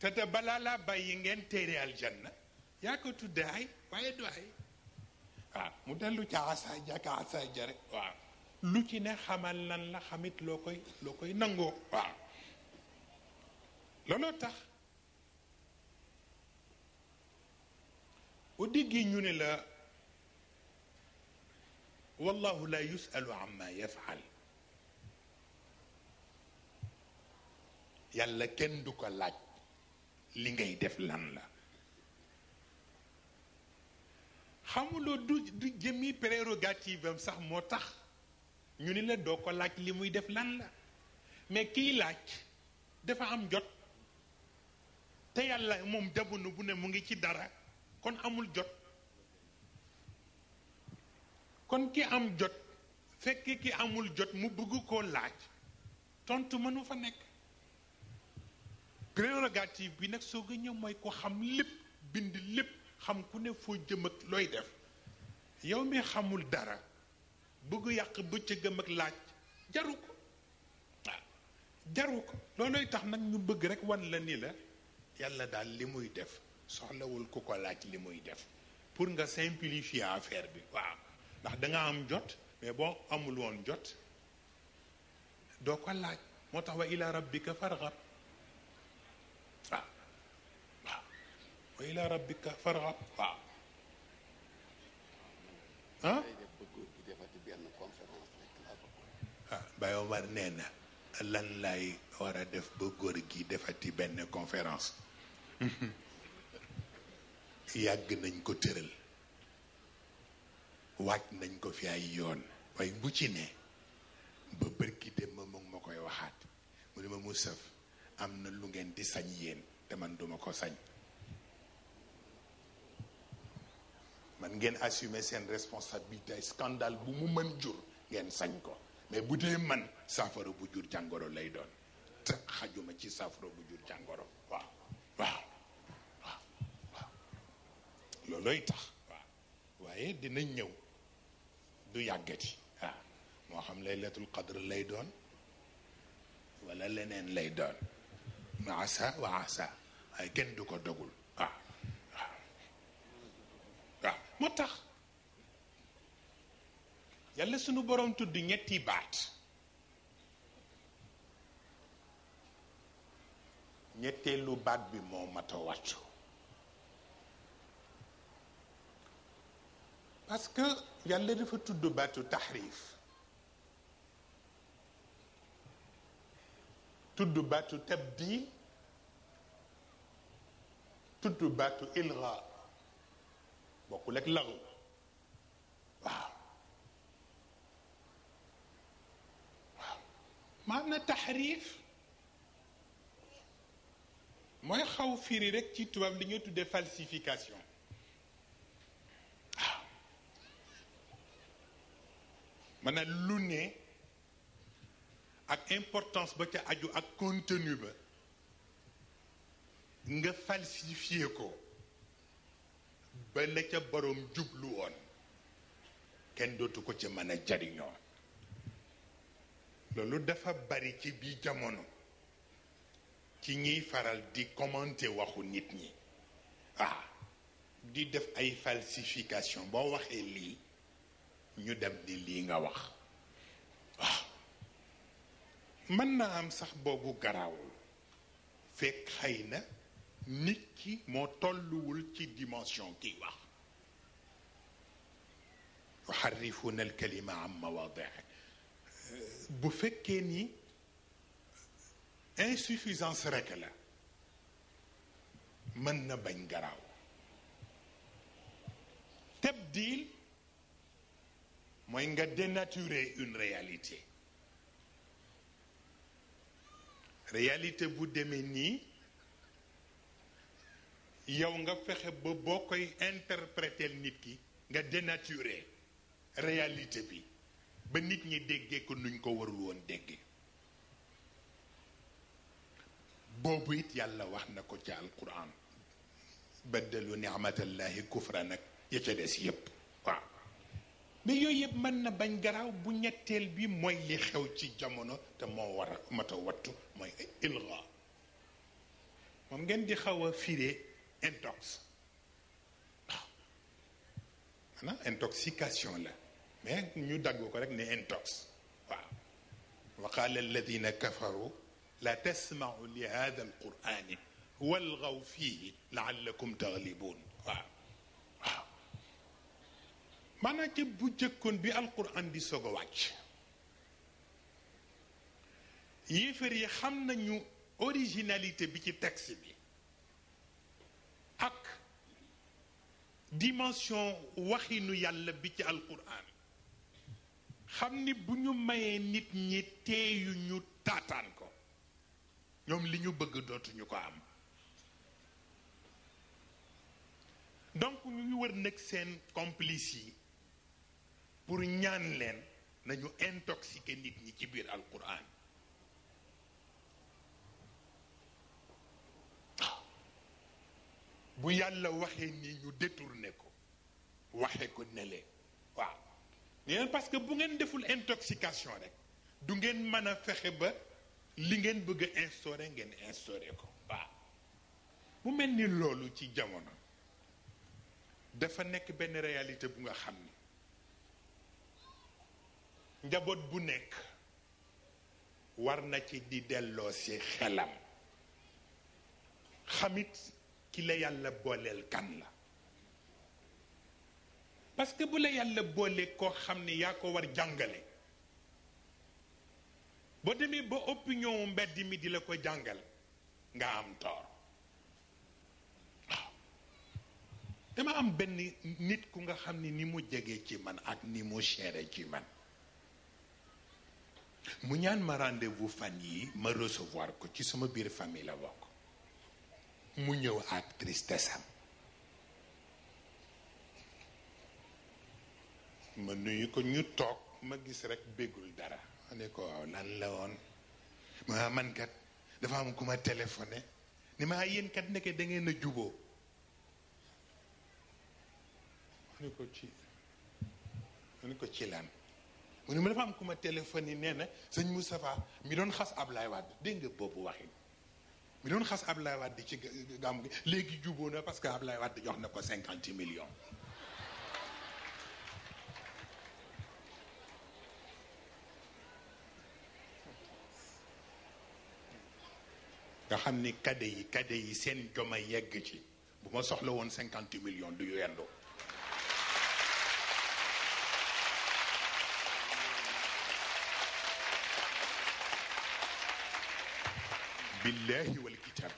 Speaker 1: te te balaa laa bàyyi ngeen téere aljanna yaa ko tudde ay waaye du ay waaw ah, mu dellu ca asaaja ka asaaja rek waaw lu ci ne xamal lan la xamit loo koy loo koy nangoo waaw looloo tax boo déggee ñu ne la wallahu la yusalu amma yafal yàlla kenn du ko laaj li ngay def lan la xamuloo du du jëmi prérogative am sax moo tax ñu ni la doo ko laaj li muy def lan la mais kiy laaj dafa am jot te yàlla moom jamono bu ne mu ngi ci dara kon amul jot kon ki am jot fekk ki amul jot mu bëgg koo laaj tontu mënu fa nekk prérogative bi nag soo ko ñëw mooy ko xam lépp bind lépp xam ku ne foo jëm ak looy def yow mi xamul dara bëgg yàq bëccëgam ak laaj jaru ko jaru ko loolooy tax nag ñu bëgg rek wan la ni la yàlla daal li muy def soxla wul ku ko laaj li muy def pour nga simplifier affaire bi waaw ndax da nga am jot mais bo amul woon jot doo ko laaj moo tax wa ila rabbika farxab waaw waaw wa ila rabbika farxab waaw ah bayo war nee na lan lay war a def ba góor gi defati benn conférence yag nañ ko tëral wacc nañ ko fi ay yoon way bu ci ne ba barki dem ma mu ma koy mu ne ma musaf am lu ngeen di sañ yeen te man duma ko sañ man ngeen assumer sen responsabilité scandale bu mu man jur ngeen sañ ko mais bu dee man safara bu jur jangoro lay doon te xajuma ci safara bu jur jangoro waaw waaw loolooy tax waaye dinañ ñëw du yàggati waaw moo xam laylatul qadr lay doon wala leneen lay doon ma asa wa asa waaye kenn du ko dogul waaw waaw waaw moo tax yàlla sunu borom tudd ñetti baat ñetteelu baat bi moo mat a wàccu parce que yàlla dafa tudd baatu taxriif tudd baatu tabdil tudd baatu ilga bokkul ak law waaw waaw maana taxriif mooy xaw firi rek ci tubaab li nga tuddee falsification maanaam lu ne ak importance ba ca aju ak contenu ba nga falsifié ko ba la ca boroom jublu woon kenn dootu ko ci mën a jariñoo loolu dafa bari ci biir jamono ci ñiy faral di commenter waxu nit ñi ah di def ay falsification boo waxee lii ñu dem di lii nga wax waaw mën na am sax boobu garaawul fekk xëy na nit ki moo tolluwul ci dimension kiy wax yuharrifuna alkalima an mawaadihi bu fekkee ni insuffisance rek la mën na bañ garaaw tabdil moy nga dénaturer une réalité réalité bu demee nii yow nga fexé ba boo interpréter nit ki nga dénaturer réalité bi ba nit ñi déggé ko nuñ ko warul won déggé bobu it yalla wax na ko ca alquran baddalu nicmatallahi kufra ya ca des yépp mais yooyu yëpp mën na bañ garaaw bu ñetteel bi mooy li xew ci jamono te moo war a mat a wattu mooy ilga moom ngeen di xaw a firee intox waaw maanaam intoxication la mais ñu dagg ko rek ne intox waaw wa qaala alladina kafaru la tasmacu li hada alqurani walgaw fihi laallakum taglibuun waaw maanaam ca bu jëkkoon bi alquran di soog wàcc yéefar yi xam nañu originalité bi ci texte bi ak dimension waxinu yàlla bi ci alquran xam ni bu ñu mayee nit ñi teeyu ñu taataan ko ñoom li ñu bëgg dootuñu ko am donc mu ngi wër nag seen complice yi pour ñaan leen nañu intoxiqué nit ñi ci biir alquran bu yàlla waxee ni ñu détourné ko waxe ko nelee waaw neen parce que bu ngeen deful intoxication rek du ngeen mën a fexe ba li ngeen bëgg a ngeen instauré ko waaw mu mel ni loolu ci jamono dafa nekk benn réalité bu nga xam ni njaboot bu nekk war na ci di delloo si xelam xamit ki la yàlla booleel kan la parce que bu la yàlla boole koo xam ne yaa ko war jàngale boo demee ba opinion mbedd mi di la ko jàngal nga am toor dama am benn nit ku nga xam ni ni mu jege ci man ak ni mu seere ci man mu ñaan ma rendez-vous fan yi ma recevoir ko ci sama biir famille la bokk mu ñëw ak tristesse ma nuyu ko ñu toog ma gis rekk béggul dara ma ne ko waaw lan la woon ma man kat dafa am ku ma téléphoné ni ma yéen kat nekke da ngeen a juboo ma ne ko ci ma ne ko ci lan mu ne ma dafa am ku ma téléphoné nee na sëñ Moustapha mi doon xas Ablaye Wade dégg nga boobu waxin mi doon xas Ablaye Wade ci gam gi léegi juboo na parce que Ablaye Wade jox na ko cinquante millions. nga xam ni kade yi kade yi seen joma yegg ci bu ma soxla woon 50 millions du yu yendoo بالله والكتاب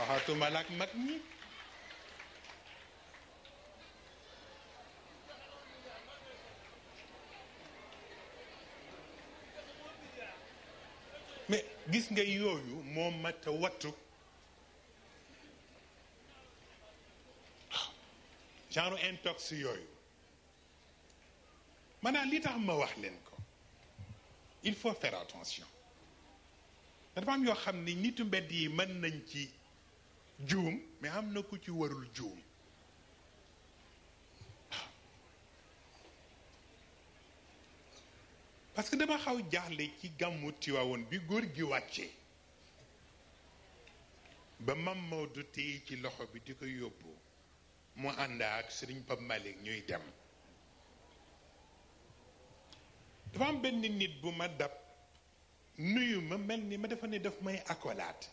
Speaker 1: waxatuma la ak mag ñi gis nga yooyu moo mat a genre intox maanaam li tax ma wax len ko il faut faire attention dafa am yoo xam nitu mbedd yi man nañ ci djoum mais amna ku ci warul djoum parce que dama xaw jaaxle ci gàmmu tiwawon bi góor gi wàccee ba mam Maodo ci loxo bi diko ko yóbbu mu ànd ak serigne Pape malik ñuy dem dafa am benn nit bu ma dab nuyu ma mel ni ma dafa ne daf may accolade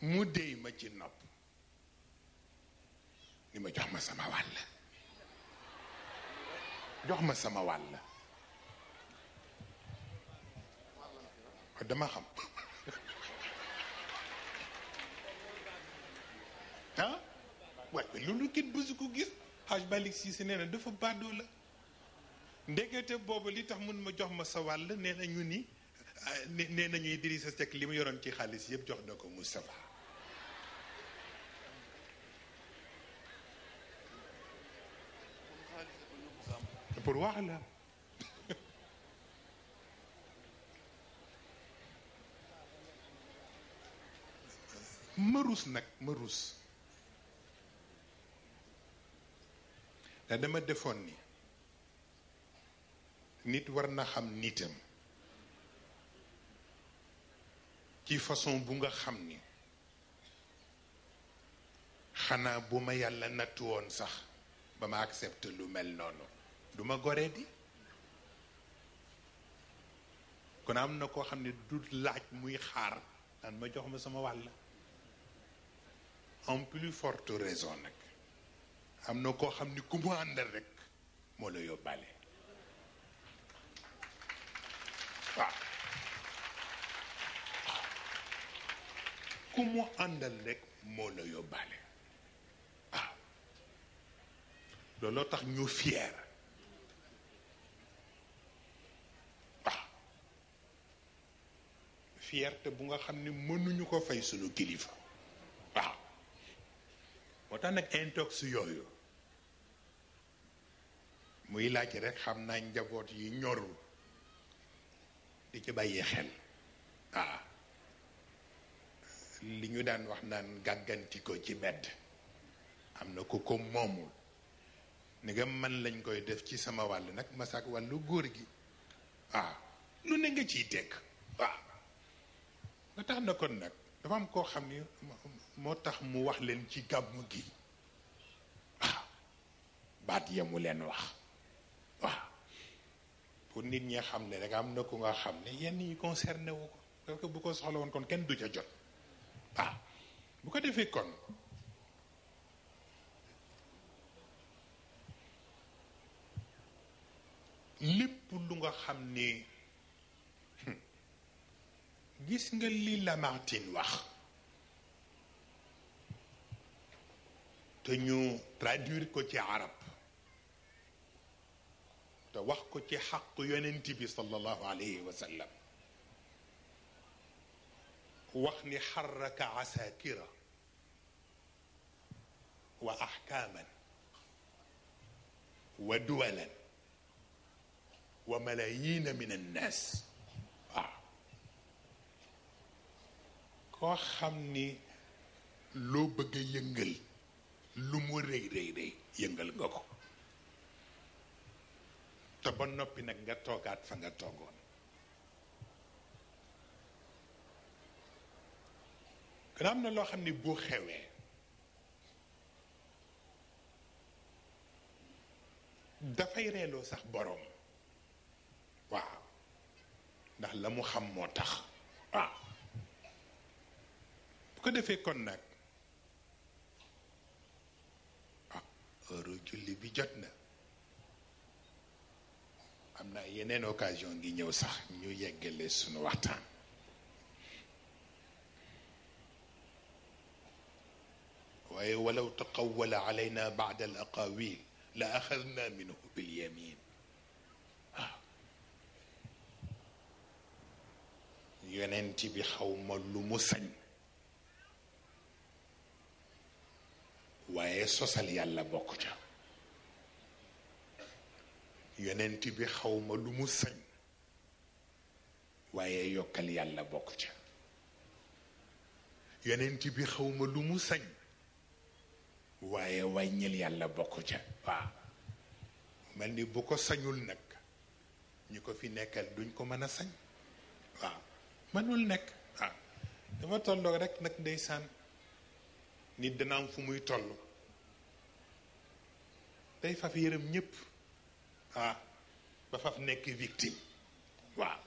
Speaker 1: mu ma ci nopp ni ma jox ma sama wàll jox ma sama wàll dama xam ah waaye hein? loolu kit bësu gis Haj balik si nee na dafa de la ndegete boobu li tax mun ma jox ma sa wàll nee nañu ni nee nañuy Idrissa Seck li mu yoroon ci xaalis yëpp jox na ko Moustapha pour wax la marus nag marus da dama defoon ni nit war na xam nitam ci façon bu nga xam ni xanaa bu ma yàlla nattu woon sax ba ma accepté lu mel noonu du ma goree di kon am na koo xam ne du laaj muy xaar naan ma jox ma sama wàll en plus forte raison nag am na koo xam ni ku mu àndal rek moo la yóbbaale waaw ku mu àndal rek moo la yóbbaale waaw ah. looloo tax ñu fier waaw ah. fierté bu nga xam ne mënuñu ko fay sunu kilifa waaw ah. moo tax nag intox yooyu muy laaj rek xam naa njaboot yi ñorul li ci bàyyee xel waaw ah. li ñu daan wax naan gàgganti ko ci mbedd am na ku ko moomul ni man lañ koy def ci sama wàll nag masak wàllu góor gi waaw ah. lu ne nga ciy tekk waaw ah. nga tax na kon nag dafa am koo xam ni moo tax mu wax leen ci gàmmu gi waaw baat ya mu leen wax pour nit ñi xamne ne rek am na ku nga xamne yenn yi concerné wu ko parce bu ko soxla won kon kenn du ca jot ah bu ko defé kon lepp lu nga xamne hmm, gis nga li martin wax te ñu traduire ko ci arab توحكو حق يننتي صلى الله عليه وسلم وخني حرك عساكرة وأحكاما ودولا وملايين من الناس كو خمني لو بغي ينجل لو مو ري ري ري ينجل غكو te ba noppi nag nga toogaat fa nga toogoon gën am na loo xam ne bu xewee dafay reeloo sax boroom waaw ndax la mu xam moo tax waaw bu ko defee kon nag ah heure julli bi jot na amna naa yeneen occasion ngi ñëw sax ñu yeggale sunu waxtaan waaye walaw taqawala alayna baada al aqawil la axadna minhu bilyamin waaw yonent bi xawma lu mu sañ waaye sosal yàlla bokk ca yonent bi xawma lu mu sañ waaye yokkal yàlla bokk ca yonent bi xawma lu mu sañ waaye wàññil yàlla bokk ca waaw mel ni bu ko sañul nag ñi ko fi nekkal duñ ko mën a sañ waaw mënul nekk waaw dafa tolloog rek nag ndeysaan nit dana am fu muy toll day faf yërëm ñëpp ah ba faf nekk victime waaw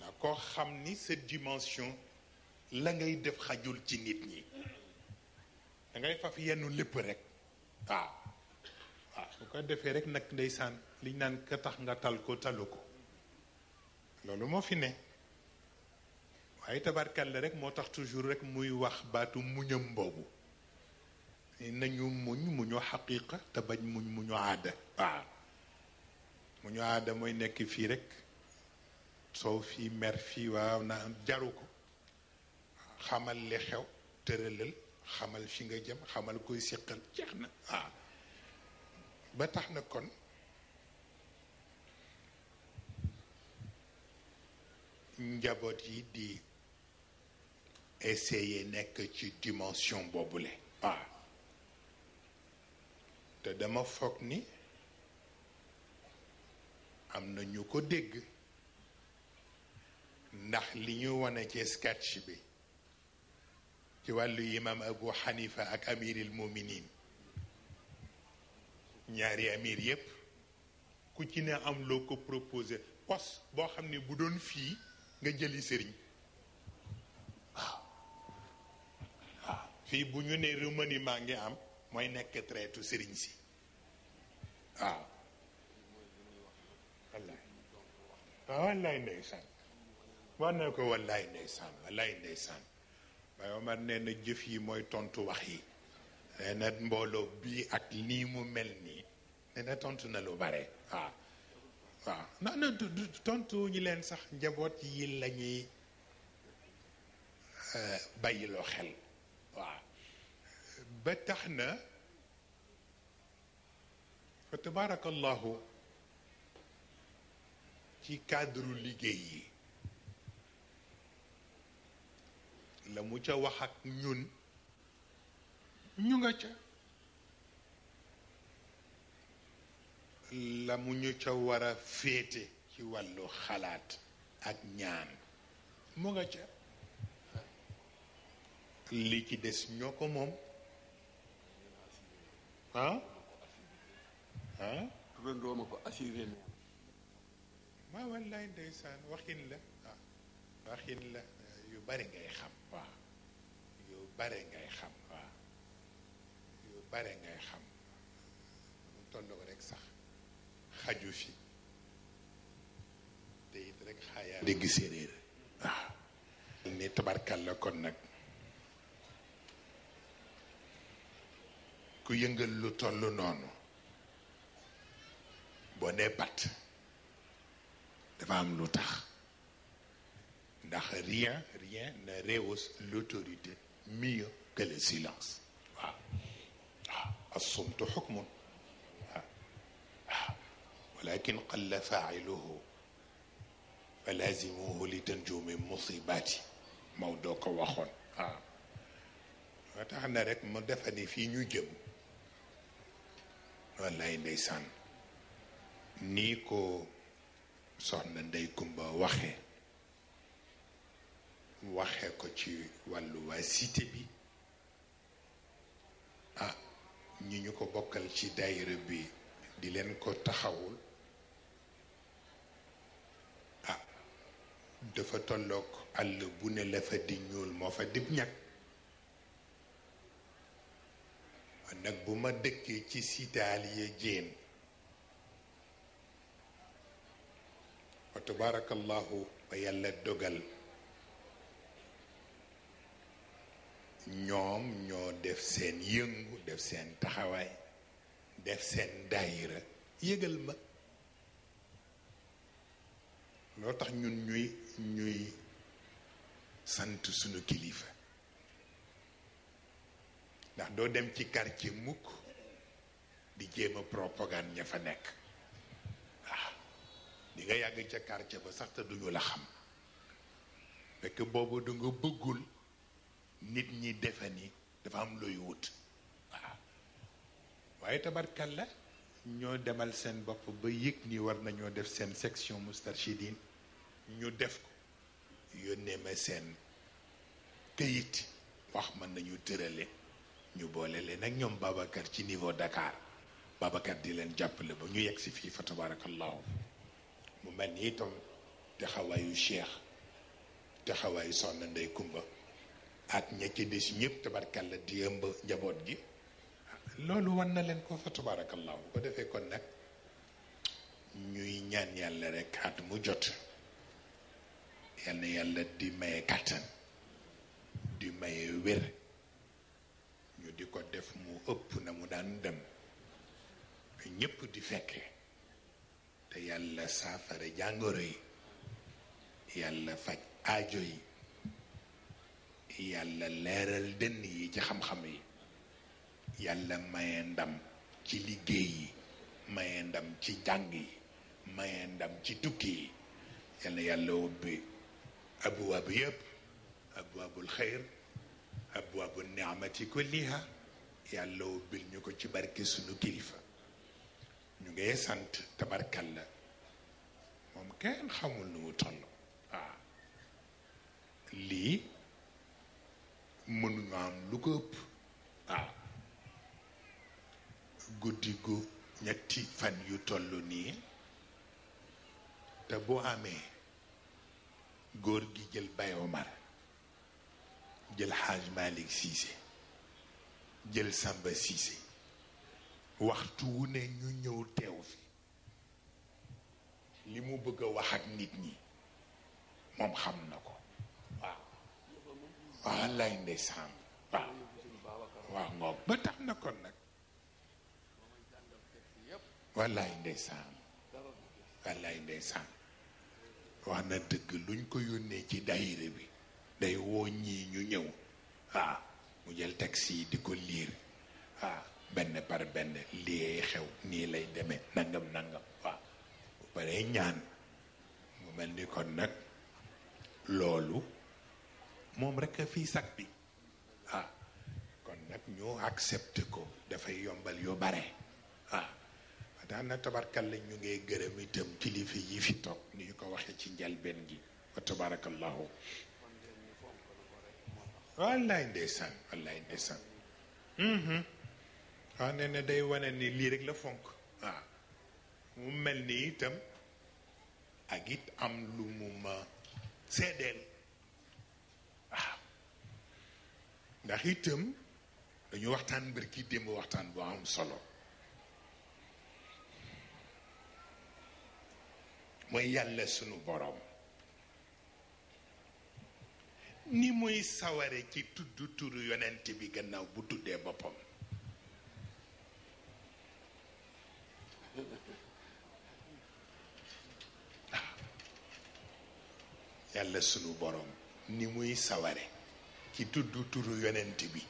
Speaker 1: waaw koo xam ni cette dimension la ngay def xajul ci nit ñi dangay ngay faf yennu lépp rek waaw ah. ah, waaw su ko defee rek nag ndeysaan liñ naan ka tax nga tal ko talu ko loolu moo fi ne waaye tabarkàlla rek moo tax toujours rek muy wax baatu muñam boobu nañu muñ muñu xaqiqa te bañ muñ muñu aada ah. mu ñu aada mooy nekk fii rek soow fii mer fii waaw naa jaru ko xamal li xew tëralal xamal fi nga jëm xamal koy siqal jeex na ah ba tax na kon njaboot yi di essayer nekk ci dimension boobule. waaw te dama foog ni. am na ñu ko dégg ndax li ñu wane ci sketch bi ci wàllu yimam Abu Hanifa ak amiril muminin ñaari amir yépp ku ci ne am loo ko proposé pos boo xam ne bu doon fii nga jëli sëriñ waaw waaw fii bu ñu ne remaniement ngi am mooy nekk traitu sëriñ si waaw wallahi ndeysaan war na ko wallahi ndeysaan wallahi ndeysaan Baye Omar nee na jëf yi mooy tontu wax yi nee na mbooloo bii ak lii mu mel nii nee na tontu na lu bare waaw waaw non non tontu ñu leen sax njaboot yi la ñuy bàyyiloo xel waaw ba tax na fa tabaarakallahu ci cadre liggéey yi la mu ca wax ak ñun ñu nga ca la mu ñu ca war a féete ci wàllu xalaat ak ñaan mu nga ca li ci des ñoo ko moom ah ah ko assuré waaw wallaay ndeysaan waxin la waaw la eh, yu bari ngay xam waaw yu bare ngay xam yu bare ngay xam mu ko rek sax xaju fi te it rek xaayaa dégg séeréer waaw ni tabarkal la kon nag ku yëngal lu toll noonu boo nee pat dafa am lu tax ndax rien rien ne rehausse l'autorité mieux que le silence waaw waaw assumtu xukmun waaw walakin qalla faaciluhu falazimuhu li tanju min musibaati maw doo ko waxoon waaw moo tax na rek mu defa ni fii ñu jëm wallaay ndeysaan nii ko soxna ndey kumba waxe waxe ko ci wàllu waa cité bi ah ñi ñu ko bokkal ci daayira bi di leen ko taxawul ah dafa tolloog àll bu ne la fa di ñuul moo fa dib ñag ah, nag bu ma dëkkee ci cité Alia Diène fa tabarakallahu ba yàlla dogal ñoom ñoo def seen yëngu def seen taxawaay def seen daayira yëgal ma loo tax ñun ñuy ñuy sant suñu kilifa ndax doo dem ci quartier mukk di jéema a propagande ña fa nekk di nga yàgg ca quartier ba sax duñu la xam fekk boobu du nga bëggul nit ñi defe ni dafa am luy wut waaw waaye tabarkal la ñoo demal seen bopp ba yëg nii war nañoo def seen section Moustarchidine ñu def ko yónnee ma seen këyit wax mën nañu tërale ñu boole leen ak ñoom Babacar ci niveau Dakar Babacar di leen jàppale ba ñu yegg si fii fa tabarakallahu mu mel ni itam taxawaayu cheikh taxawaayu soxna ndey kumba ak ña ci des ñëpp tabarkàlla di ëmb njaboot gi loolu wan na leen ko fa tabarakallahu bu ko defee kon nag ñuy ñaan yàlla rek at mu jot yàlla yàlla di maye kàttan di maye wér ñu di ko def mu ëpp na mu daan dem ñëpp di fekkee te yàlla saafara jàngoro yi yàlla faj aajo yi yàlla leeral dënn yi ci xam-xam yi yàlla maye ndam ci liggéey yi maye ndam ci jàng yi maye ndam ci tukki yi yàlla yàlla ubbi abwaab yëpp abwaabul xayr abwaabu niamati kulliha yàlla ubbil ñu ko ci barke sunu kilifa ñu nga sant tabarkal la moom kenn xamul nu mu toll ah. lii mënuñu am lu ko ëpp waaw ah. guddi gu ñetti fan yu tollu nii te boo amee góor gi jël Baye Omar jël Hadj Malick Cissé jël Samba Cissé waxtu wu ne ñu ñëw teew fi li mu bëgg a wax ak nit ñi moom xam na ko waaw waaw lay waaw ba tax na ko nag wallaay ndeysaan wallaay ndeysaan wax na dëgg luñ ko yónnee ci dayire bi day woo ñii ñu ñëw waaw mu jël taxi yi di ko liir waaw benn par benn lii xew nii lay deme nangam nangam waaw bu paree ñaan mu mel ni kon nag loolu moom rek a fii sag bi ah. kon nag ñu accepté ko dafay yombal yu bare ah daan na tabarkalla ñu ngay gërëm itam kilifa yi fi toog ni ñu ko waxee ci njalbeen gi wa tabarakallahu wallaay ndeysaan wallaay ndeysaan mm-hmm. waaw ah, nee day wane ni lii rekk la fonk waaw ah. mu mel ni itam ak it am lu mu ma seedeel waaw ah. ndax itam dañu waxtaan mbir ki démb waxtaan bu am solo mooy yàlla sunu borom ni muy saware ci tudd turu yonent bi gannaaw bu tuddee boppam yàlla sunu borom ni muy saware ci tudd turu yonent bi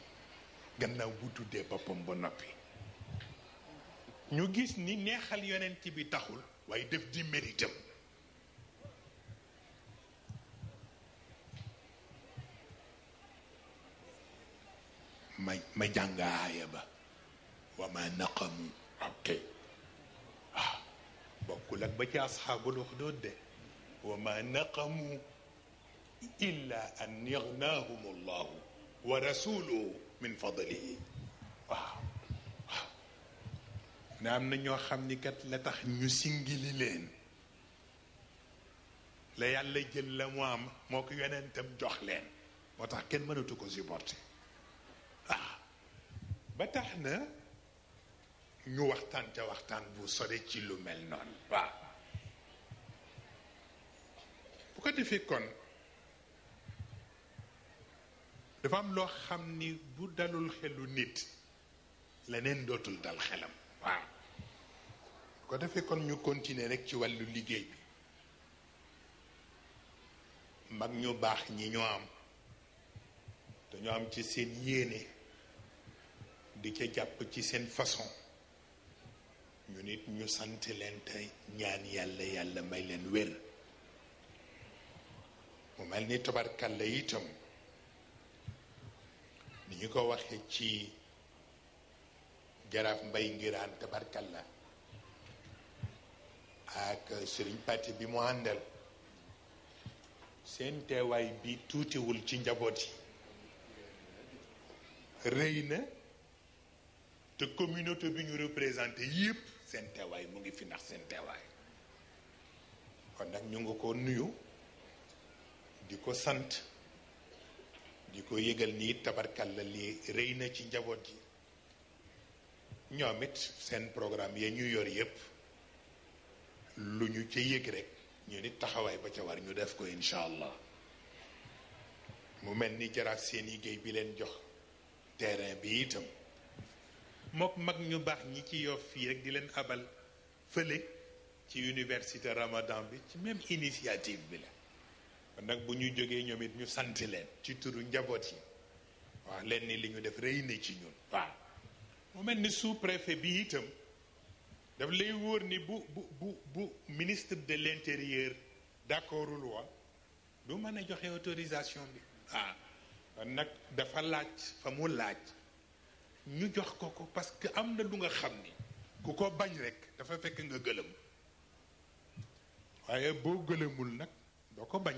Speaker 1: gannaaw bu tuddee boppam ba noppi ñu gis ni neexal yonent bi taxul waaye def di méritam ma ma jàng ba wa ma naqamu ok ah, bokkul ak ba ci asxaabul uxdud de wa ma naqamu إلا أن يغناهم الله ورسوله من فضله نعم نيو خامني كات لا تخ نيو سينغيلي لين لا يالا جيل لا موام موك يوننتم جوخ لين موتاخ كين مانوتو كو سيبورتي ba tax na ñu waxtaan ca waxtaan bu sore ci lu mel noonu waaw dafa am loo xam ni bu dalul xelu nit leneen dootul dal xelam waaw ko defee kon ñu continuer rek ci wàllu liggéey bi ñu ñi am dañoo am ci seen di ca ci seen façon ñu nit ñu ni ñu ko waxee ci jaraaf mbay ngiraan la ak sëriñ parti bi mu àndal seen teewaay bi tuutiwul ci njaboot yi rëy na te communauté bi ñu représenté yépp seen teewaay mu ngi fi ndax seen teewaay kon nag ñu ngi ko nuyu di ko sant di ko yëgal nii tabarkal la lii rëy na ci njaboot ji ñoom it seen programme ya ñu yor yépp lu ñu ca yëg rek ñu nit taxawaay ba ca war ñu def ko incha mu mel ni jaraaf seen bi leen jox terrain bi itam mook mag ñu baax ñi ci yof fii rek di leen abal fële ci université ramadan bi ci même initiative bi la nag bu ñu jógee ñoom it ñu sant leen ci turu njaboot yi waaw leen ni li ñu def rëy na ci ñun waaw mu mel ni sous préfet bi itam daf lay wóor ni bu bu bu bu ministre de l'intérieur d'accordul wa du mën a joxe autorisation bi waaw ah. nag dafa laaj fa mu laaj ñu jox ko ko parce que am na lu nga xam ni ku ko bañ rek dafa fekk nga gëlëm waaye boo gëlëmul nag doo ko bañ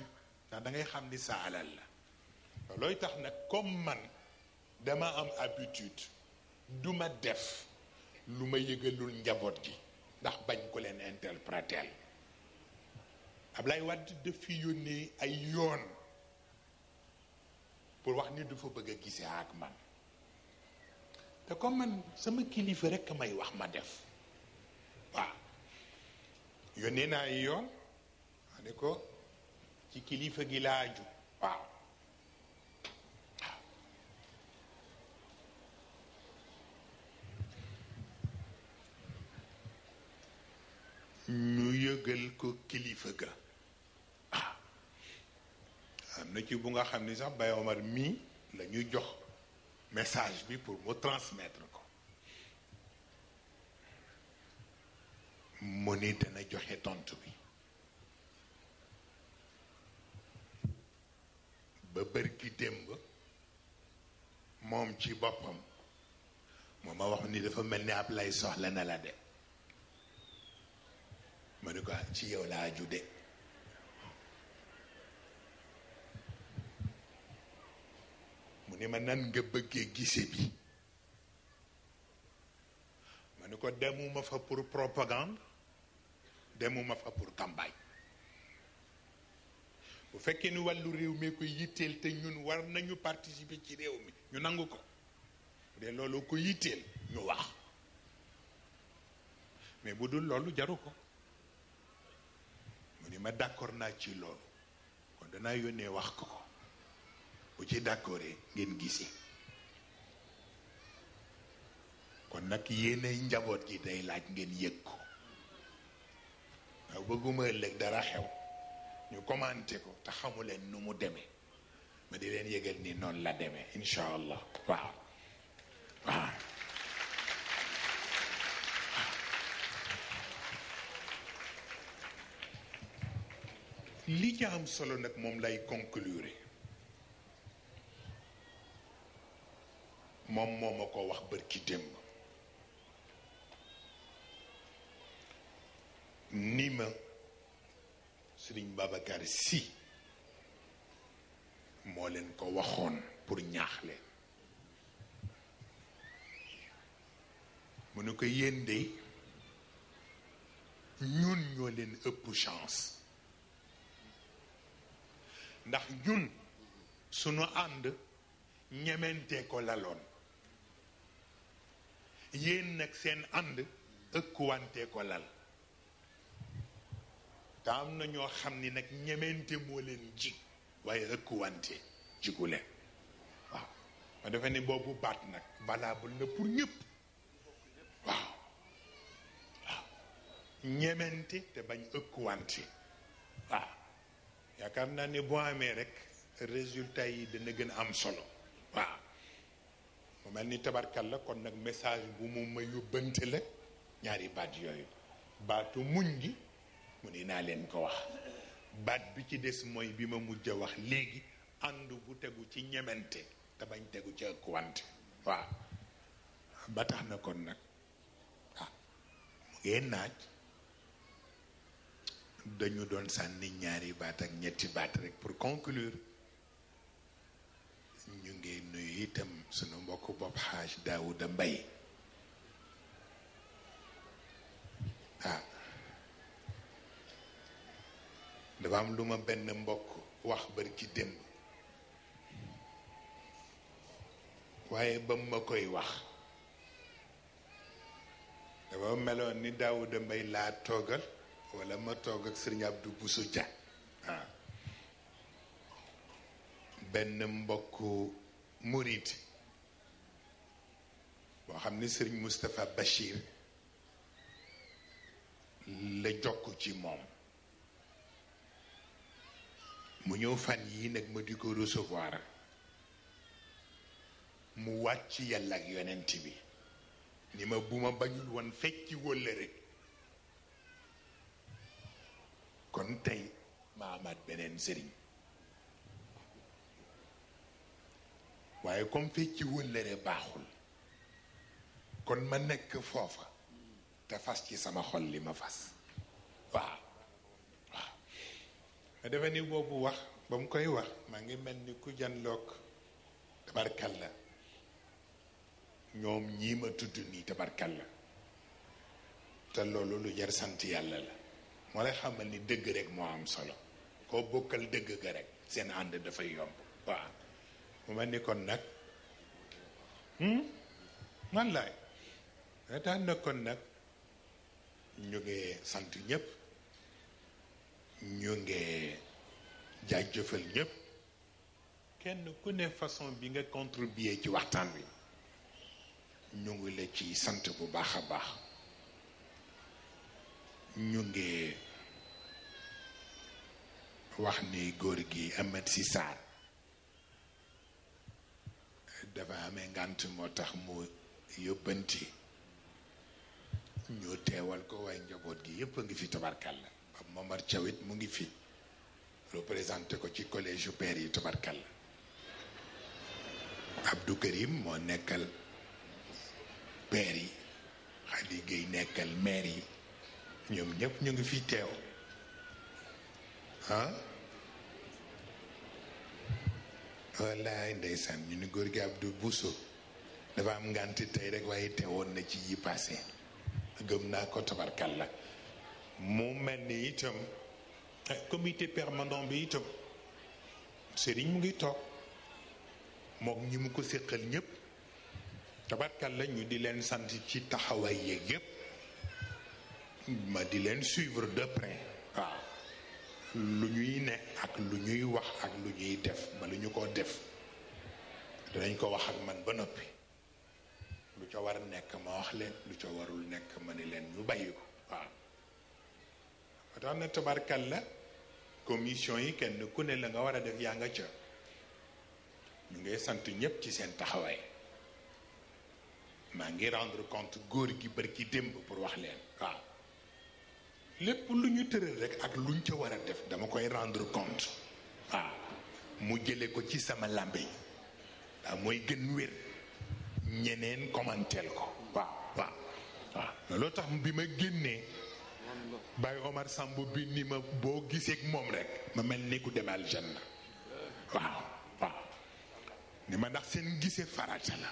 Speaker 1: ndax da ngay xam ni sa alal la looy tax nag comme man dama am habitude du ma def lu ma yëgalul njaboot gi ndax bañ ko leen interprétel Ablaye Wade dafi yónnee ay yoon pour wax ni dafa bëgg a gisee ak man te comme man sama kilifa rek may wax ma def waaw yónnee naa ay yoon ma ne ko ci kilifa gi laa Nous waaw ko kilifa ga ah. am na ci bu nga sax la message pour me transmettre ko mu dana ba bërki démb moom ci boppam moo ma wax ni dafa mel ni ab lay soxla na la de ma ni ko ah, ci yow laa jude mu ne ma nan nga bëggee gise bi ma ni ko demuma fa pour propagande demuma fa pour campagne bu fekkee ni wàllu réew mi ko yitteel te ñun war nañu participer ci réew mi ñu nangu ko de loolu ko yitteel ñu wax mais bu dul loolu jaru ko mu ni ma d'accord naa ci loolu kon danaa yónnee wax ko ko bu ci d'accordee ngeen gisee kon nag yéenay njaboot gi day laaj ngeen yëg ko waaw bëgguma ëllëg dara xew ñu commenté ko te xamu nu mu demee ma di leen yëgal ni noonu la demee incha allah waaw waaw li ci am solo nag moom lay conclure moom moo ko wax barki démb ni ma sëriñ Babacar si mo len ko waxone pour ñaax leen mu ko yende ñun ñoo len ëpp chance ndax ñun suñu and ñemente ko laloon yeen nak seen and ëkkuwante ko lal te am na ñoo xam ni nag ñemente moo leen jig waaye rëkkuwante jigu leen waaw ma defe ni boobu baat nag valable na pour ñëpp waaw waaw ñemente te bañ ëkkuwante waaw yaakaar naa ne boo amee rek résultat yi dana gën a am solo waaw mu mel ni tabarkal la kon nag message bu mu ma yóbbante la ñaari baat yooyu baatu muñ gi mu ni naa leen ko wax baat bi ci des mooy bi ma mujj a wax léegi ànd bu tegu ci ñemente te bañ tegu ci ëkk wante waaw ba tax na kon nag ah mu ngee naaj dañu doon sànni ñaari baat ak ñetti baat rek pour conclure ñu ngi nuyu itam sunu mbokk bopp xaaj Daawuda Mbay ah dafa am lu ma benn mbokk wax bari ci démb waaye ba ma koy wax dafa meloon ni Daawuda Mbay laa toogal walla ma toog ak Sëriñ Abdu Buso Ja waaw benn mbokk murit boo xam ni Sëriñ Moustapha Bachir la jokk ci moom mu ñëw fan yii nag ma di ko recevoir mu wàcc yàlla ak yonent bi ni ma bu ma bañul woon fecc wóllëre kon tey ma amaat beneen sëriñ waaye comme fecc wóllëre baaxul kon ma nekk foofa te fas ci sama xol li ma fas dafa ni boobu wax ba mu koy wax maa ngi mel ni ku janloog la ñoom ñii ma tudd nii la te loolu lu jar sant yàlla la moo lay xamal ni dëgg rek moo am solo koo bokkal dëgg ga rek seen ànd dafay yomb waaw mu mel ni kon nag hmm? man laay retaan na kon nag ñu sant ñëpp ñu ngi jaajëfal ñépp kenn ku ne façon bi nga contribuer ci waxtaan wi ñu ngi la ci sant bu baax a baax ñu ngi wax ni góor gi Ahmed Sisar dafa amee ngànt moo tax mu yóbbanti ñu teewal ko waaye njaboot gi yépp a ngi fi tabarkal la Momar Thiaw mu ngi fi représenté ko ci collège yu père yi tabarkal Abdou Karim moo nekkal père yi Khady Gueye nekkal maire yi ñoom ñëpp ñu ngi fi teew ah wallaay ndeysaan ñu ni góor gi Abdou Bousso dafa am ngànt tey rek waaye teewoon na ci yi passé gëm naa ko tabarkal la mu mel ni itam comité permanent bi itam sëriñ mu ngi toog moog ñi mu ko séqal ñëpp tabarkal la ñu di leen sant ci taxawaay yeeg yëpp ma di leen suivre de près waaw lu ñuy ne ak lu ñuy wax ak lu ñuy def ba lu ñu ko def danañ ko wax ak man ba noppi lu ca war nekk ma wax leen lu ca warul nekk ma ni leen ñu bàyyi ko waaw tax na tabarkal la commission yi kenn ku ne la nga war a def yaa nga ca ñu ngay sant ñépp ci seen taxawaay maa ngi rendre compte góor gi bërki démb pour wax leen lépp lu ñu tëral rek ak lu luñ ca war a def dama koy rendre compte waaw mu jële ko ci sama làmbe yi waaw mooy gën wér ñeneen commenteel ko waaw waaw waaw looloo tax bi ma génnee Baye Omar Samb bi ni ma boo giseek moom rekk ma mel ni ku dem aljanna waaw waaw ni ma ndax seen gise farata la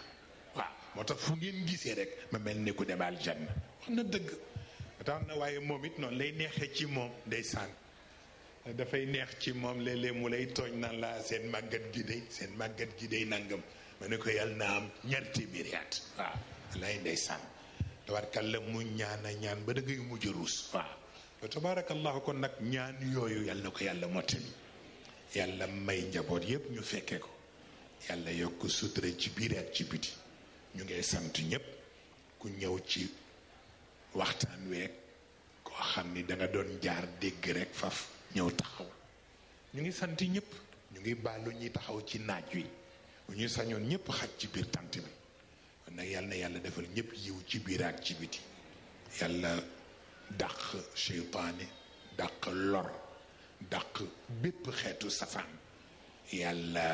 Speaker 1: waaw moo tax fu ngeen gisee rek ma mel ni ku dem aljanna wax na dëgg tax na waaye moom it noonu lay neexee ci moom day sànn dafay neex ci moom léeg-léeg mu lay tooñ naan laa seen màggat gi day seen màggat gi day nangam ma ne ko yàlla na am ñaar téeméeri at waaw lay ndeysaan tabarkalla mu ñaan a ñaan ba da mujj ruus fa tabaarakallahu kon nag ñaan yooyu yàlla na ko yàlla mottali yàlla may njaboot yépp ñu fekke ko yàlla yokk sutura ci biir ak ci biti ñu ngay sant ñépp ku ñëw ci waxtaan week koo xam ni danga doon jaar dégg rek faf ñëw taxaw ñu ngi sant ñépp ñu ngi baalu ñi taxaw ci naaj wi bu ñuy sañoon ñépp xaj ci biir tant bi kon nag yàlla na yàlla defal ñépp yiw ci biir ak ci biti yàlla dàq seytaane dàq lor daq bépp xeetu safaan yàlla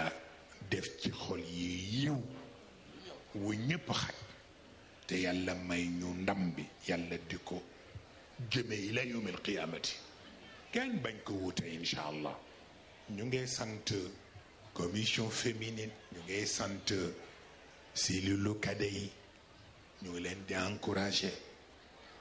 Speaker 1: def ci xol yi yiw wu ñépp xaj te yàlla may ñu ndam bi yàlla di ko jëme ila yawmil qiyaamati kenn bañ ko wuute incha allah ñu ngay sant commission féminine ñu ngay sant cellule cadets yi ñu ngi leen di encourager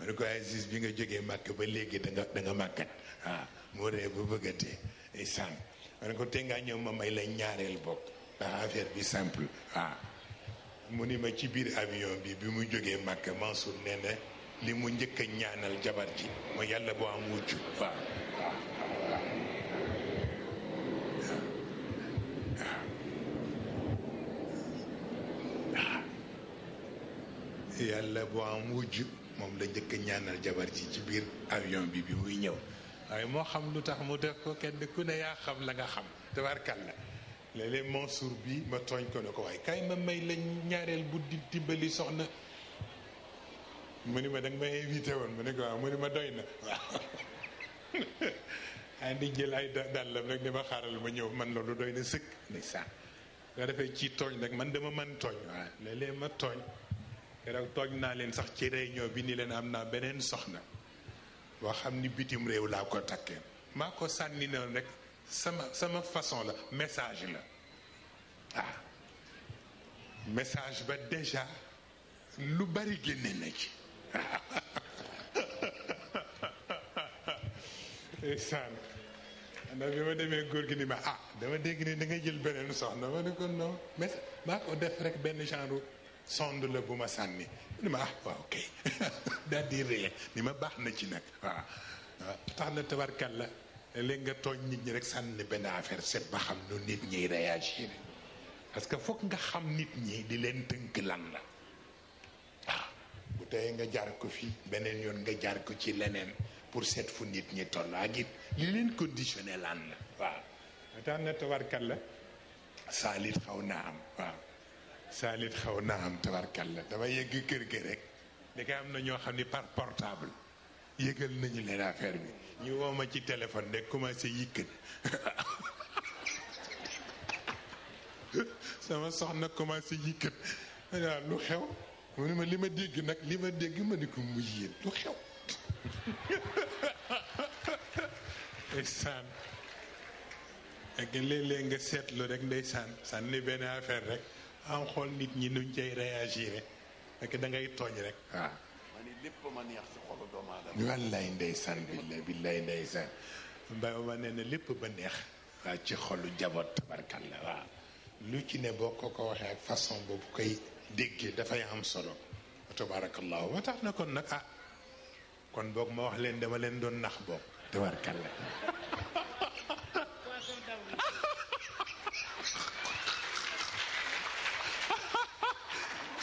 Speaker 1: ma ne ko eh, Aziz bi nga jógee màkk ba léegi danga danga màkkat waaw ah, mu ree bu bëggatee sànq ma ko te ma may la ñaareel bokk ndax ah, affaire bi simple waaw ah. mu ni ma ci biir avion bi bi mu jógee màkk Mansour nee li mu njëkk a ñaanal jabar ji ma yàlla boo am wujj yàlla boo am wujj moom la njëkk ñaanal jabar ji ci biir avion bi bi muy ñëw waaye moo xam lu tax mu def ko kenn ku ne yaa xam la nga xam tabarkal la léeg-léeg Mansour bi ma tooñ ko ne ko waaye kaay ma may ñaareel bu di dimbali soxna mu ni ma danga ma invité woon mu ne ko waaw ma doy na waaw andi jël ay dàllam rek ni ma xaaral ma ñëw man loolu doy na sëkk ni saa nga defee ci tooñ rek man dama mën tooñ waaw léeg ma tooñ keroog toog naa leen sax ci réunion bi ni leen am naa beneen soxna boo xam ni bitim réew laa ko takkee maa ko sànni noonu rek sama sama façon la message la ah message ba déjà lu bari génne na ci saan ndax bi ma demee góor gi ni ma ah dama dégg ne da nga jël beneen soxna ma ne ko non mais maa ko def rek benn genre sonde la bu ma sànni ni ma ah waaw kay daal di ree ni ma baax na ci nag waaw tax na tabarkal la léegi nga tooñ nit ñi rek sànni benn affaire seet ba xam nu nit ñiy réagir parce que foog nga xam nit ñi di leen tënk lan la waaw ah, bu teyee nga jaar ko fii beneen yoon nga jaar ko ci leneen pour set fu nit ñi toll ak it li leen conditionné lan la waaw tax na tabarkal la saalit xaw naa am waaw salit xaw naa am la dama yegg kër gi rek ndeke am na ñoo xam ni par portable yëgal nañu leen affaire bi ñu woo ci téléphone de commencé yikkat sama soxna commencé yikkat waaw lu xew mu ne ma li ma dégg nag li ma dégg ma ni ko mu yéen lu xew ndeysaan ak léeg-léeg nga seetlu rek ndeysaan sànni benn affaire rek am xool nit ñi nuñ cay réagir rek da ngay tooñ rek waaw. ma ni lépp ma neex ci xolu doomu aadama. wallaay ndeysaan billaay billaay ndeysaan. mbaa ma nee na lépp ba neex. waaw ci xolu jaboot tabarkal la waaw. lu ci ne boo ko ko waxee ak façon boobu koy déggee dafay am solo. tabarakallahu ba tax na kon nag ah kon boog ma wax leen dama leen doon nax boog. tabarkal la.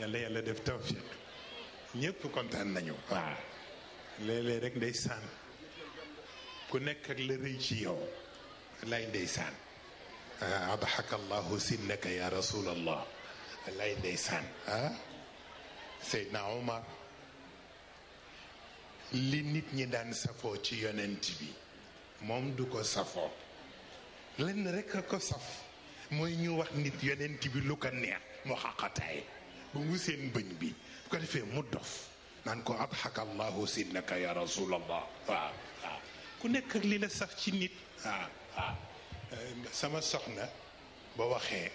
Speaker 1: yàlla yàlla def tawfiq ñëpp kontaan nañu waaw léeg ndey saan ku nekk ak la rëy ci yow lay ndey saan adxaka ah, allahu sinnaka ya rasulallah lay ndey saan ah Seydna li nit ñi daan safoo ci yonent bi moom du ko safoo lenn rek a ko saf mooy ñu wax nit yonent bi lu ko neex mu xaqataay ba mu seen bëñ bi bu ko defee mu dof naan ko adxaka allahu sinnaka ya rasulallah waaw waaw ku nekk ak li la sax ci nit waaw waaw sama soxna ba waxee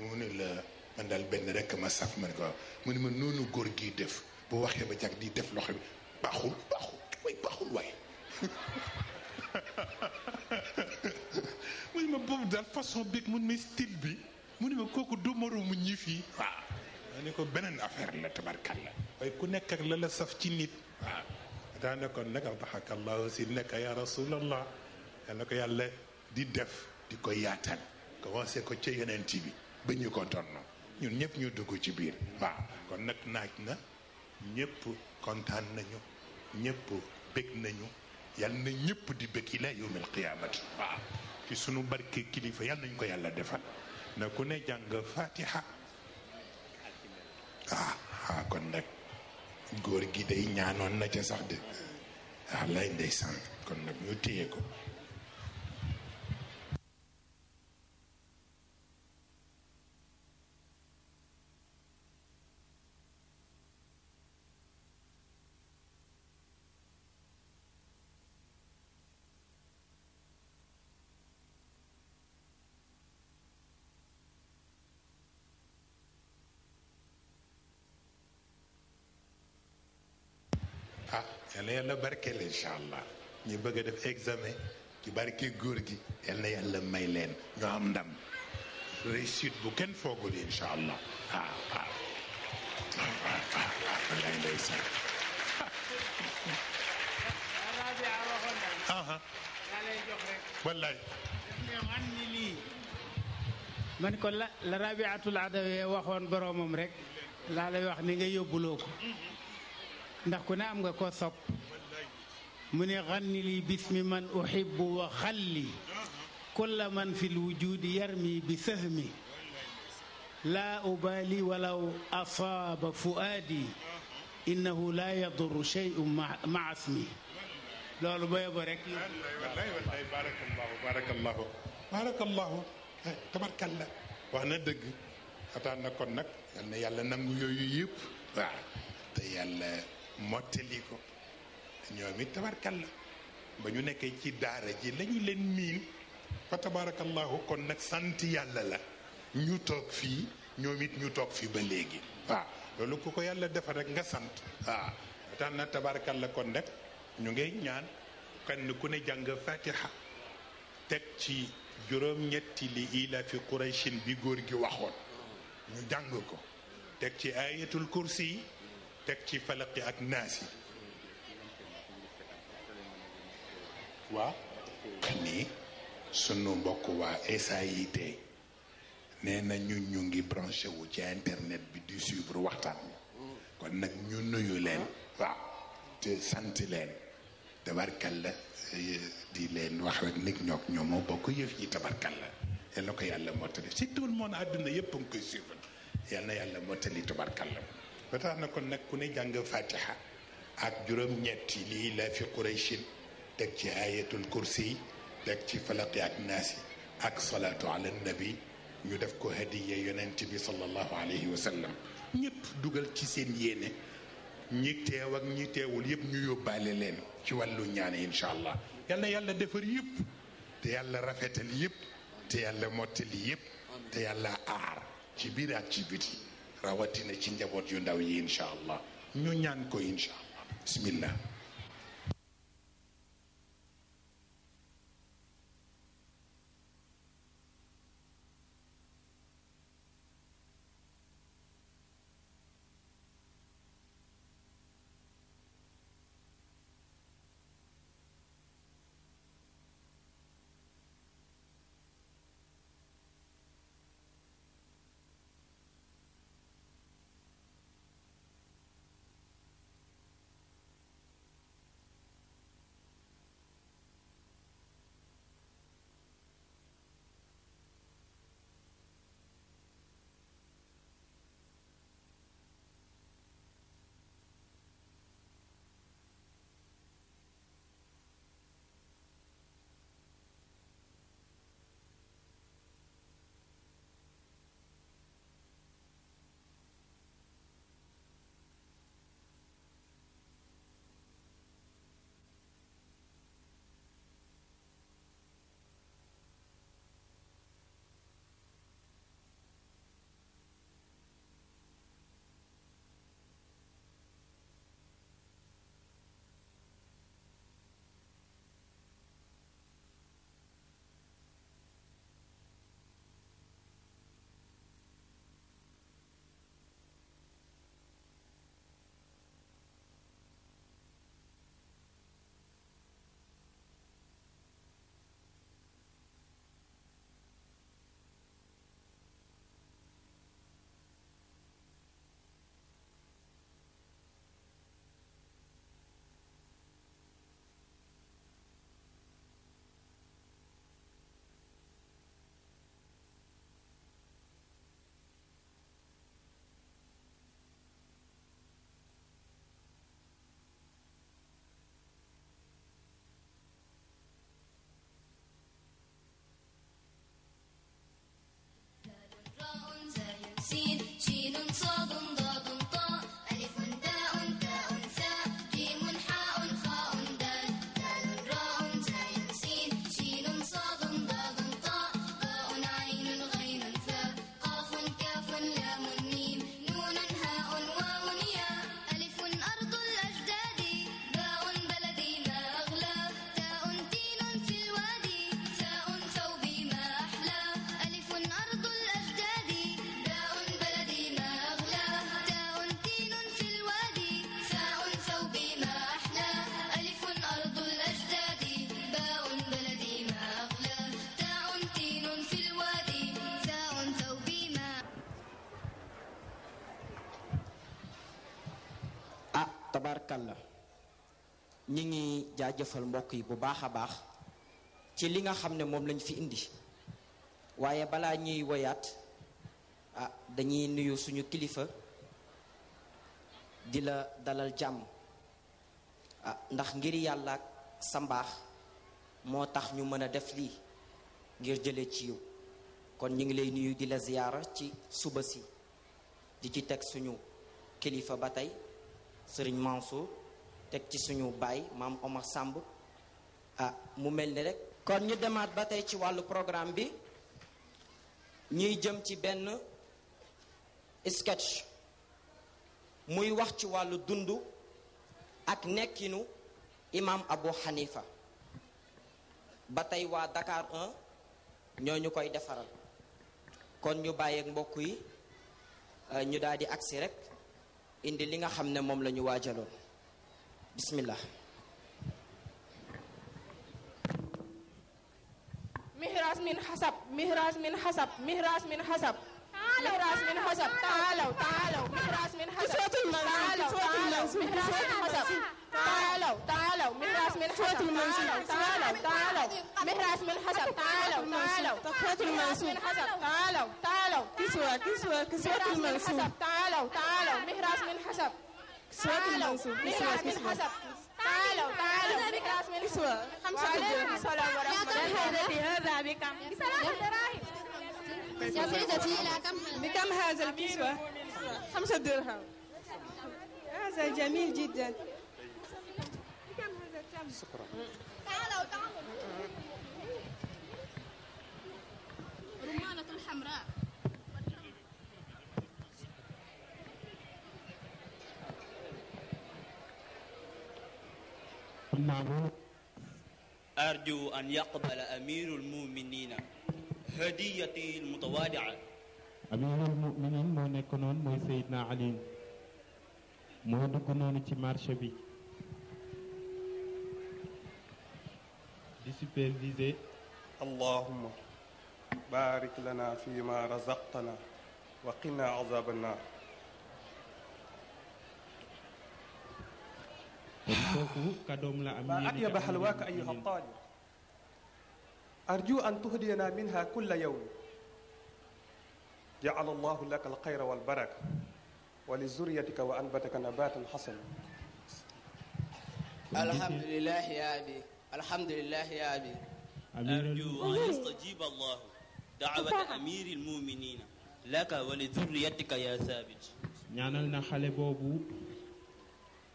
Speaker 1: mu ne la man daal benn rek ma saf man ko mu ne ma noonu góor gi def bu waxee ba jàng di def loxo bi baaxul baaxul way baaxul waay mu ne ma boobu daal façon beeg mu ne ma style bi mu ne ma kooku du moroomu ñi fii waaw ma ni ko beneen affaire la tabarkalla waaye ku nekk ak la la saf ci nit waaw ah. daa nekkoon nag daxakallahu si nekk ya rasulallah yal na ko yàlla di def di ko yaatal commencé ko ca yonent bi ba ñu ko tonno ñun ñëpp ñu dugg ci biir waaw kon nag naaj na ñëpp kontaan nañu ñëpp bég nañu yal na ñëpp di bég ila yawmil qiyaamati waaw ci sunu barke kilifa yal nañ ko yàlla defal na ku ne jàng fatiha ah ah kon nag góor gi day ñaanoon na ca sax de ah lay ndeysaan kon nag ñu téye ko يالله بركل إن شاء الله نبغى دف إكزامي كباركي غورجي يالله يالله ميلين غام دم ريسيت بوكن فوقولي إن شاء الله ها ها
Speaker 2: man ko la la rabiatul adawi waxon boromum rek la lay wax ni nga yobulo ko ndax ku ne am nga ko sop من يغني لي باسم من أحب وخلي كل من في الوجود يرمي
Speaker 3: بسهمي لا أبالي ولو أصاب فؤادي إنه لا يضر شيء مع اسمي لا لبيا بارك الله بارك الله بارك الله
Speaker 1: تبارك الله وانا دق حتى نكون يعني يلا نمو يو يو يب تيالا موتليكو ñoom it la ba ñu nekkee ci daara ji lañu leen miin fa tabarakallahu kon nag sant yàlla la ñu toog fii ñoom it ñu toog fii ba léegi waaw loolu ku ko yàlla defar rek nga sant waaw tax na tabarkalla kon nag ñu ngay ñaan kenn ku ne jàng fatiha teg ci juróom-ñetti li ila fi quraychin bi góor gi waxoon ñu jàng ko teg ci ayatul kursi teg ci falaqi ak naas yi waaw nii sunu mbokk waa SAIT nee na ñun ñu ngi branché wu ci internet bi di suivre waxtaan bi kon nag ñu nuyu leen waa te sant leen tabarkal la eh, di leen wax rek nit ñoo ñoom bokk yëf yi tabarkal la yal na ko yàlla mottali si tout le monde àdduna yëpp a ngi koy suivre yal na yàlla mottali tabarkal la ba na kon nag ku ne jàng fatiha ak juróom-ñetti lii la fi Quraysh teg ci ayatul kursi teg ci falaqi ak naas ak salaatu ala nabi ñu def ko hadiya yonent bi sallallahu alayhi wa sallam ñëpp dugal ci seen yéene ñi teew ak ñi teewul yëpp ñu yóbbaale leen ci wàllu ñaan incha allah yal na yàlla defar yëpp te yàlla rafetal yëpp te yàlla mottali yëpp te yàlla aar ci biir ak ci biti rawatina ci njaboot yu ndaw yi incha allah ñu ñaan ko incha allah bismillah
Speaker 4: la ñi ngi jaajëfal mbokk yi bu baax a baax ci li nga xam ne moom lañu fi indi waaye balaa ñuy woyaat ah, dañuy nuyu suñu kilifa di la dalal jàmm ah, ndax ngir yàlla ak sa mbaax moo tax ñu mën a def lii ngir jële ci yow kon ñu ngi lay nuyu di la ziyaara ci suba si di ci teg suñu kilifa ba tey sëriñ Mansour teg ci suñu baay maam Omar Samb a ah, mu mel ni rek kon ñu demaat ba tey ci wàllu programme bi ñuy jëm ci benn sketch muy wax ci wàllu dund ak nekkinu imaam Abu Hanifa ba tey waa Dakar 1 ñoo ñu koy defaral kon ñu bàyyeeg mbokk yi ah, ñu daal di agsi rek indi li nga xam ne moom la ñu waajaloon bismillah
Speaker 5: mihras min xasab mihras min xasab mihras min xasab تعالوا راس من حسب تعالوا تعالوا من راس من حسب صوت تعالوا صوت راس صوت حسب تعالوا تعالوا من راس من صوت حسب تعالوا تعالوا من راس من حسب تعالوا تعالوا تقوة المنسوب تعالوا تعالوا كسوة كسوة كسوة المنسوب تعالوا تعالوا من راس من حسب كسوة المنسوب كسوة كسوة تعالوا تعالوا من راس من حسب خمسة وعليكم السلام ورحمة الله هذا بكم سلام
Speaker 6: دراهم يا سيدتي لا كم بكم هذا الكسوة؟ خمسة درهم هذا جميل جدا بكم هذا التمر؟ شكرا تعالوا تعالوا رمانة الحمراء
Speaker 3: أرجو أن يقبل أمير المؤمنين هديتي المتواضعة
Speaker 2: أمير المؤمنين مو نكونون مو سيدنا علي مو نكونون تي مارشي بي دي سوبرفيزي اللهم بارك لنا فيما رزقتنا وقنا عذاب النار ما لا امير ايها الطالب أرجو أن تهدينا منها كل يوم جعل الله لك الخير والبركة ولذريتك وأنبتك
Speaker 7: نباتا حسنا
Speaker 8: الحمد لله يا أبي الحمد لله يا أبي
Speaker 7: أرجو أن
Speaker 8: يستجيب الله دعوة أمير
Speaker 3: المؤمنين لك ولذريتك يا ثابت
Speaker 2: ñaanal na xale boobu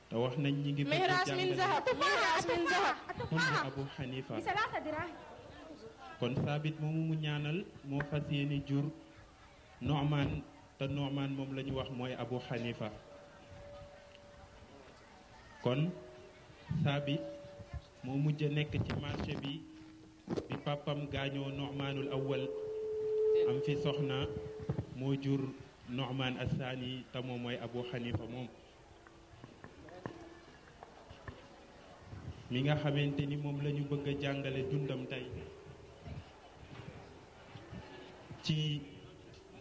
Speaker 2: te wax nañ ñi ngi mihras min zahab
Speaker 6: mihras min zahab
Speaker 2: abu hanifa bi
Speaker 5: salata dirahim
Speaker 2: kon saabit moomu mu ñaanal moo fas yéene jur Nu'man te noomaan moom la wax mooy Abu Hanifa kon saabit moo mujj a nekk ci marché bi bi papam gaañoo Nu'manul awwal am fi soxna moo jur Nu'man as-Saani te mooy Abu Hanifa moom mi nga xamante ni moom lañu bëgg a jàngale dundam tey ci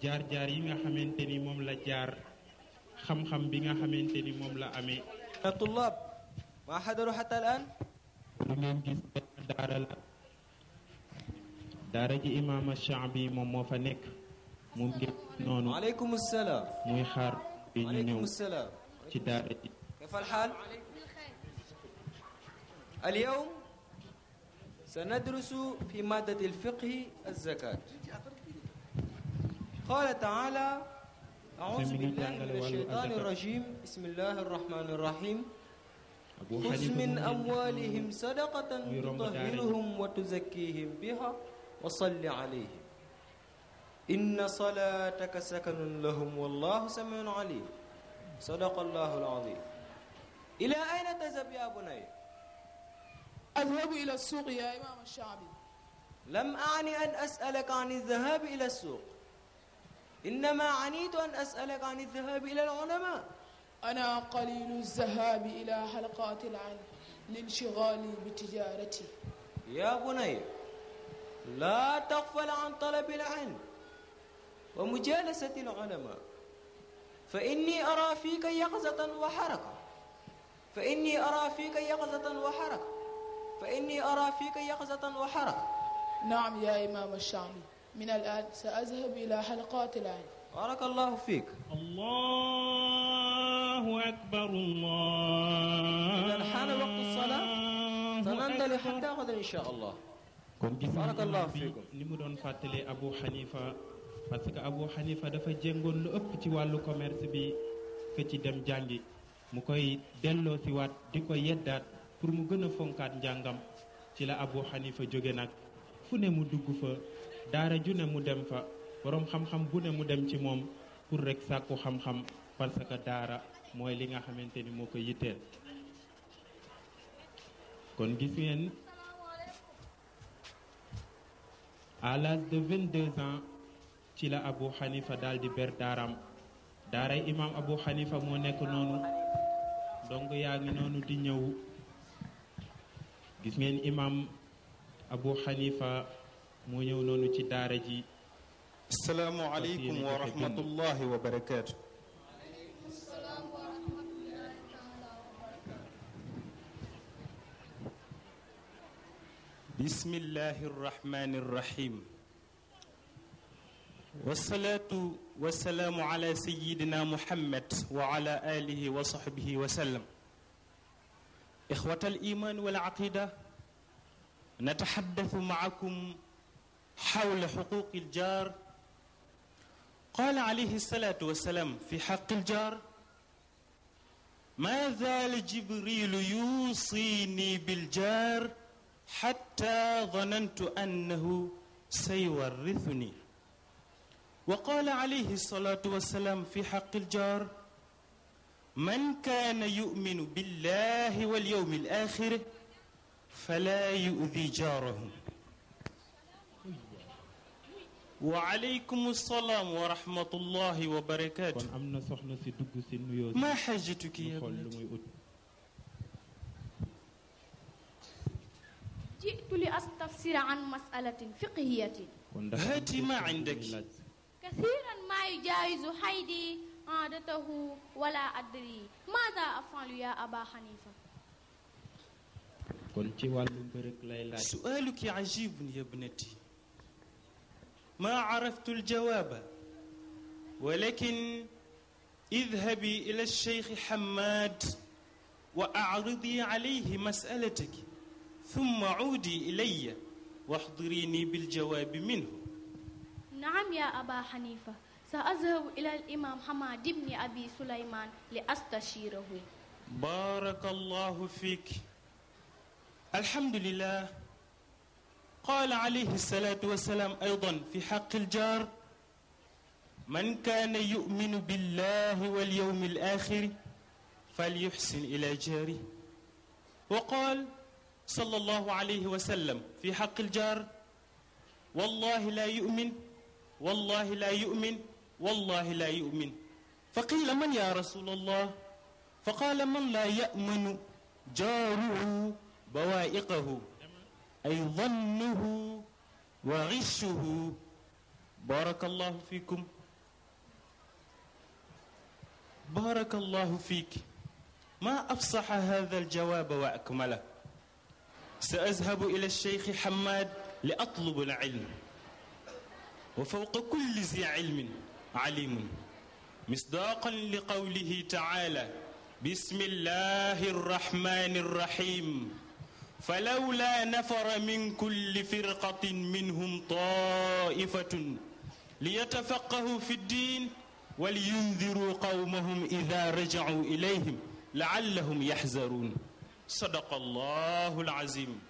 Speaker 2: jaar-jaar yi nga xamante ni moom la jaar xam-xam bi nga xamante ni
Speaker 9: moom la amee الطلاب ما حضروا حتى الآن
Speaker 2: daara la daara ji imaam Shaabi moom moo fa nekk
Speaker 9: mu ngi noonu وعليكم السلام muy xaar bi ñu ñëw ci daara ji كيف al اليوم سندرس في مادة الفقه الزكاة قال تعالى أعوذ بالله من الشيطان الرجيم بسم الله الرحمن الرحيم خذ من أموالهم صدقة تطهرهم وتزكيهم بها وصل عليهم إن صلاتك سكن لهم والله سميع عليم صدق الله العظيم إلى أين تذهب يا بني؟ أذهب إلى السوق يا إمام الشعبي لم أعني أن أسألك عن الذهاب إلى السوق إنما عنيت أن أسألك عن الذهاب إلى العلماء أنا قليل الذهاب إلى حلقات العلم لانشغالي بتجارتي يا بني لا تغفل عن طلب العلم ومجالسة العلماء فإني أرى فيك يقظة وحركة فإني أرى فيك يقظة وحركة فإني أرى فيك يقظة وحركة
Speaker 5: نعم يا إمام الشامي من الآن سأذهب إلى
Speaker 9: حلقات الآن بارك الله فيك الله أكبر الله إذا حان وقت الصلاة فننتلي حتى غدا إن شاء الله
Speaker 2: بارك الله فيكم نمدون فاتلي أبو حنيفة باسكو أبو حنيفة دفا جينغون لو أوب تي والو كوميرس بي فتي دم جانجي مكوي دلو سي وات ديكو يدات pour mu gëna fonkat njangam ci la abou hanifa joge nak fune mu dugg fa daara ju ne mu dem fa boroom xam-xam bu ne mu dem ci moom pour rek sàkku xam-xam parce que daara mooy li nga xamante ni moo ko yitteel kon gis ngeen à l'âge de 22 ans ci la Abu xanifa daal di ber daaraam daaray imaam Abu Hanifa moo nekk noonu donc yaa ngi noonu di ñëw gis ngeen imaam Abu Hanifa mu ñëw noonu ci daara ji salaamualeykum wa rahmatullahi wa barakaatu بسم الله الرحمن الرحيم والصلاة والسلام على سيدنا محمد وعلى آله وصحبه وسلم إخوة الإيمان والعقيدة نتحدث معكم حول حقوق الجار قال عليه الصلاة والسلام في حق الجار ما زال جبريل يوصيني بالجار حتى ظننت أنه سيورثني وقال عليه الصلاة والسلام في حق الجار من كان يؤمن بالله واليوم الآخر فلا يؤذي جاره وعليكم السلام ورحمة الله وبركاته ما حاجتك يا بنتي
Speaker 5: جئت لأستفسر عن مسألة فقهية
Speaker 2: هاتي ما عندك
Speaker 5: كثيرا ما يجاوز حيدي عادته ولا أدري ماذا أفعل يا أبا حنيفة
Speaker 2: سؤالك عجيب يا ابنتي ما عرفت الجواب ولكن اذهبي إلى الشيخ حماد وأعرضي عليه مسألتك ثم عودي إلي واحضريني بالجواب منه
Speaker 5: نعم يا أبا حنيفة سأذهب إلى الإمام حماد بن أبي سليمان لأستشيره
Speaker 2: بارك الله فيك الحمد لله قال عليه الصلاة والسلام أيضا في حق الجار من كان يؤمن بالله واليوم الآخر فليحسن إلى جاره وقال صلى الله عليه وسلم في حق الجار والله لا يؤمن والله لا يؤمن والله لا يؤمن فقيل من يا رسول الله فقال من لا يأمن جاره بوائقه أي ظنه وغشه بارك الله فيكم بارك الله فيك ما أفصح هذا الجواب وأكمله سأذهب إلى الشيخ حماد لأطلب العلم وفوق كل ذي علم عليم مصداقا لقوله تعالى بسم الله الرحمن الرحيم فلولا نفر من كل فرقة منهم طائفة ليتفقهوا في الدين ولينذروا قومهم إذا رجعوا إليهم لعلهم يحذرون صدق الله العظيم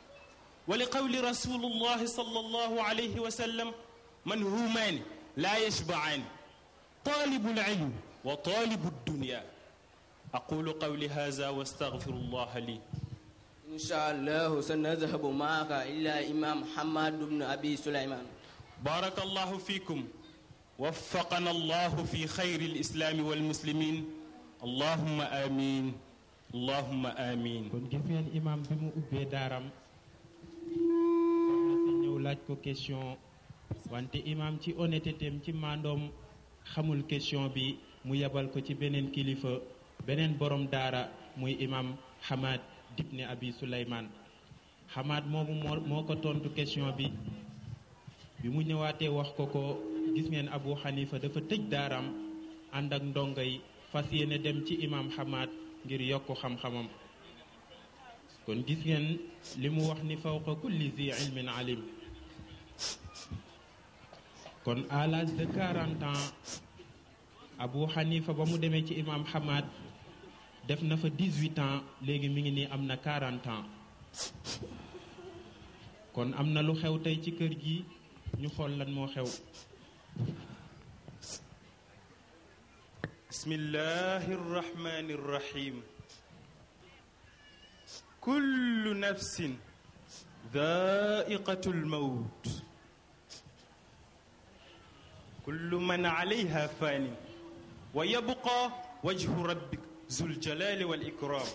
Speaker 2: ولقول رسول الله صلى الله عليه وسلم من همان لا يشبعان طالب العلم وطالب الدنيا أقول
Speaker 4: قولي هذا واستغفر الله لي إن شاء الله سنذهب معك إلى إمام محمد بن أبي سليمان بارك الله فيكم
Speaker 2: وفقنا الله في خير الإسلام والمسلمين اللهم آمين اللهم آمين كون جفيا الإمام بمو أبي دارم سنو لاتكو كيشون وانت إمام تي أونتتم تي ماندوم خمول كيشون بي مو يبالكو تي بنين كيليفو بنين بروم دارا مو إمام حماد ibn abi suleyman xamaat moomu moo ko tontu question bi bi mu ñëwaatee wax ko ko gis ngeen abu xanifa dafa tëj daaram ànd ak ndongo yi fas yéene dem ci imaam xamaat ngir yokk xam-xamam kon gis ngeen li mu wax ni fawqa kulli zi ilmin alim kon à l'âge de 40 abu xanifa ba mu demee ci imam xamaat def na fa 18 ans léegi mi ngi ni am na quarante ans kon am na lu xew tey ci kër gi ñu xool lan moo xew بسم الله الرحمن الرحيم كل نفس ذائقة الموت كل من عليها فان ويبقى وجه ربك ذو الجلال والإكرام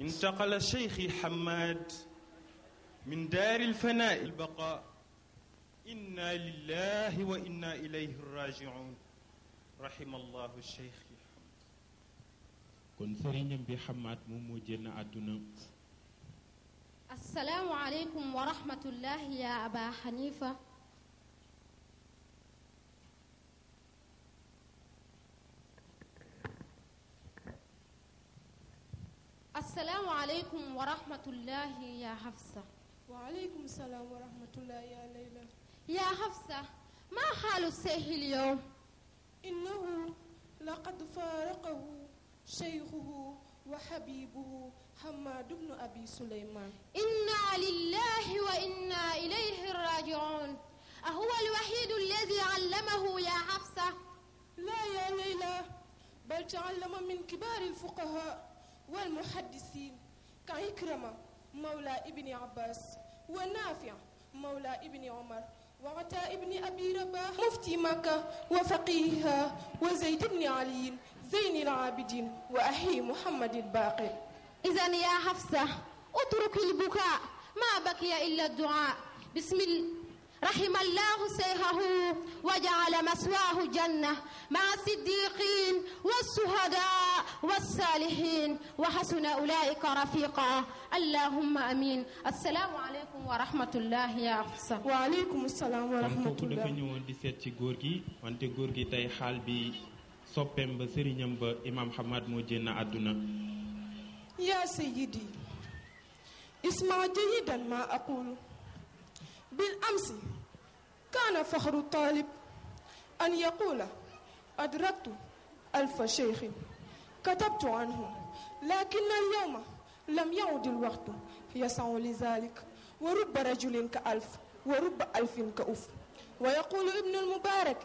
Speaker 2: انتقل شيخي حماد من دار الفناء البقاء إنا لله وإنا إليه الراجعون رحم الله الشيخ حماد كن سرين بي حماد مومو جنا أدنا
Speaker 5: السلام عليكم ورحمة الله يا أبا حنيفة السلام عليكم ورحمة الله يا حفصة وعليكم السلام ورحمة الله يا ليلى يا حفصة ما حال الشيخ اليوم؟ إنه لقد فارقه شيخه وحبيبه حماد بن أبي سليمان
Speaker 4: إنا لله وإنا إليه راجعون
Speaker 5: أهو الوحيد الذي علمه يا حفصة؟ لا يا ليلى بل تعلم من كبار الفقهاء والمحدثين كعكرمة مولى ابن عباس ونافع مولى ابن عمر وعطاء ابن أبي رباح مفتي مكة وفقيها وزيد بن علي زين العابدين وأحي محمد الباقر إذا يا حفصة اترك البكاء ما بقي إلا الدعاء بسم الله رحم الله سيهه وجعل مسواه جنة مع الصديقين والشهداء والصالحين وحسن أولئك رفيقا اللهم أمين السلام عليكم ورحمة الله يا أفسر وعليكم السلام ورحمة الله dafa
Speaker 2: ñëwoon di seet ci góor gi wante góor gi tey xaal bi soppeem ba sëriñam ba imam hamad
Speaker 5: يا سيدي اسمع جيدا ما أقوله بالأمس كان فخر الطالب أن يقول أدركت ألف شيخ كتبت عنه لكن اليوم لم يعد الوقت يسع لذلك ورب رجل كألف ورب ألف كأف ويقول ابن المبارك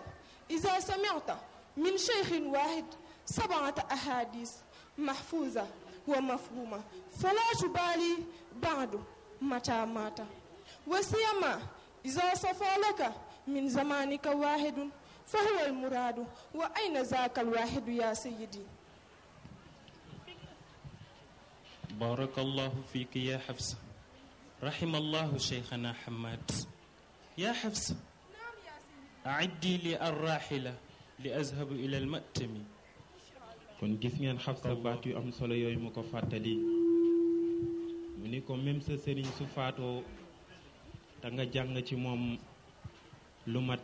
Speaker 5: إذا سمعت من شيخ واحد سبعة أحاديث محفوظة ومفهومة فلا تبالي بعد متى مات وسيما إذا صفى لك من زمانك واحد فهو المراد وأين ذاك الواحد يا سيدي
Speaker 2: بارك الله فيك يا حفصة رحم الله شيخنا حماد يا حفصة نعم أعدي لي الراحلة لأذهب إلى المأتم kon gis ngeen xabsa baat yu am solo yooyu mu ko fàttali mu ni te nga jàng ci moom lu mat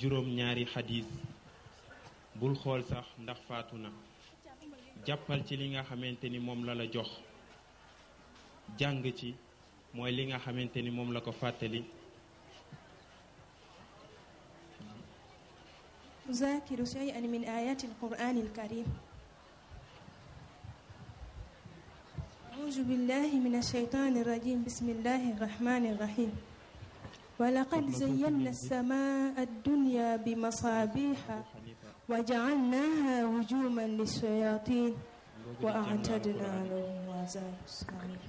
Speaker 2: juróom-ñaari xadis bul xool sax ndax faatu na jàppal ci li nga xamante ni moom la la jox jàng ci mooy li nga xamante ni moom la ko fàttali
Speaker 5: أذاكر شيئا من آيات القرآن الكريم أعوذ بالله من الشيطان الرجيم بسم الله الرحمن الرحيم ولقد زينا السماء الدنيا بمصابيح وجعلناها هجوما للشياطين
Speaker 4: وأعتدنا
Speaker 5: لهم عذاب السعير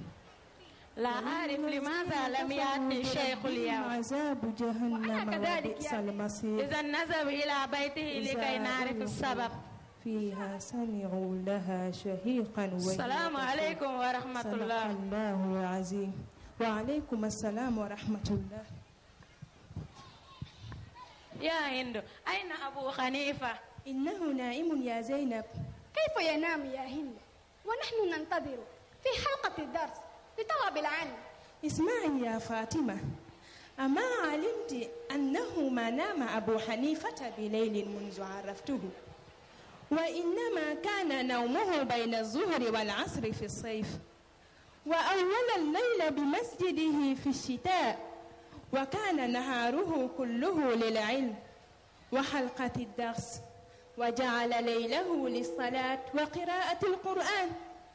Speaker 5: لا أعرف لماذا لم يأتي الشيخ اليوم عذاب جهنم وبئس يعني. المصير إذا نذهب إلى بيته لكي نعرف السبب فيها سمعوا لها شهيقا السلام عليكم ورحمة الله الله العظيم وعليكم السلام ورحمة الله يا هند أين أبو حنيفة؟ إنه نائم يا زينب كيف ينام يا هند؟ ونحن ننتظر في حلقة الدرس لطلب العلم اسمعي يا فاطمة أما علمت أنه ما نام أبو حنيفة بليل منذ عرفته وإنما كان نومه بين الظهر والعصر في الصيف وأول الليل بمسجده في الشتاء وكان نهاره كله للعلم وحلقة الدرس وجعل ليله للصلاة وقراءة القرآن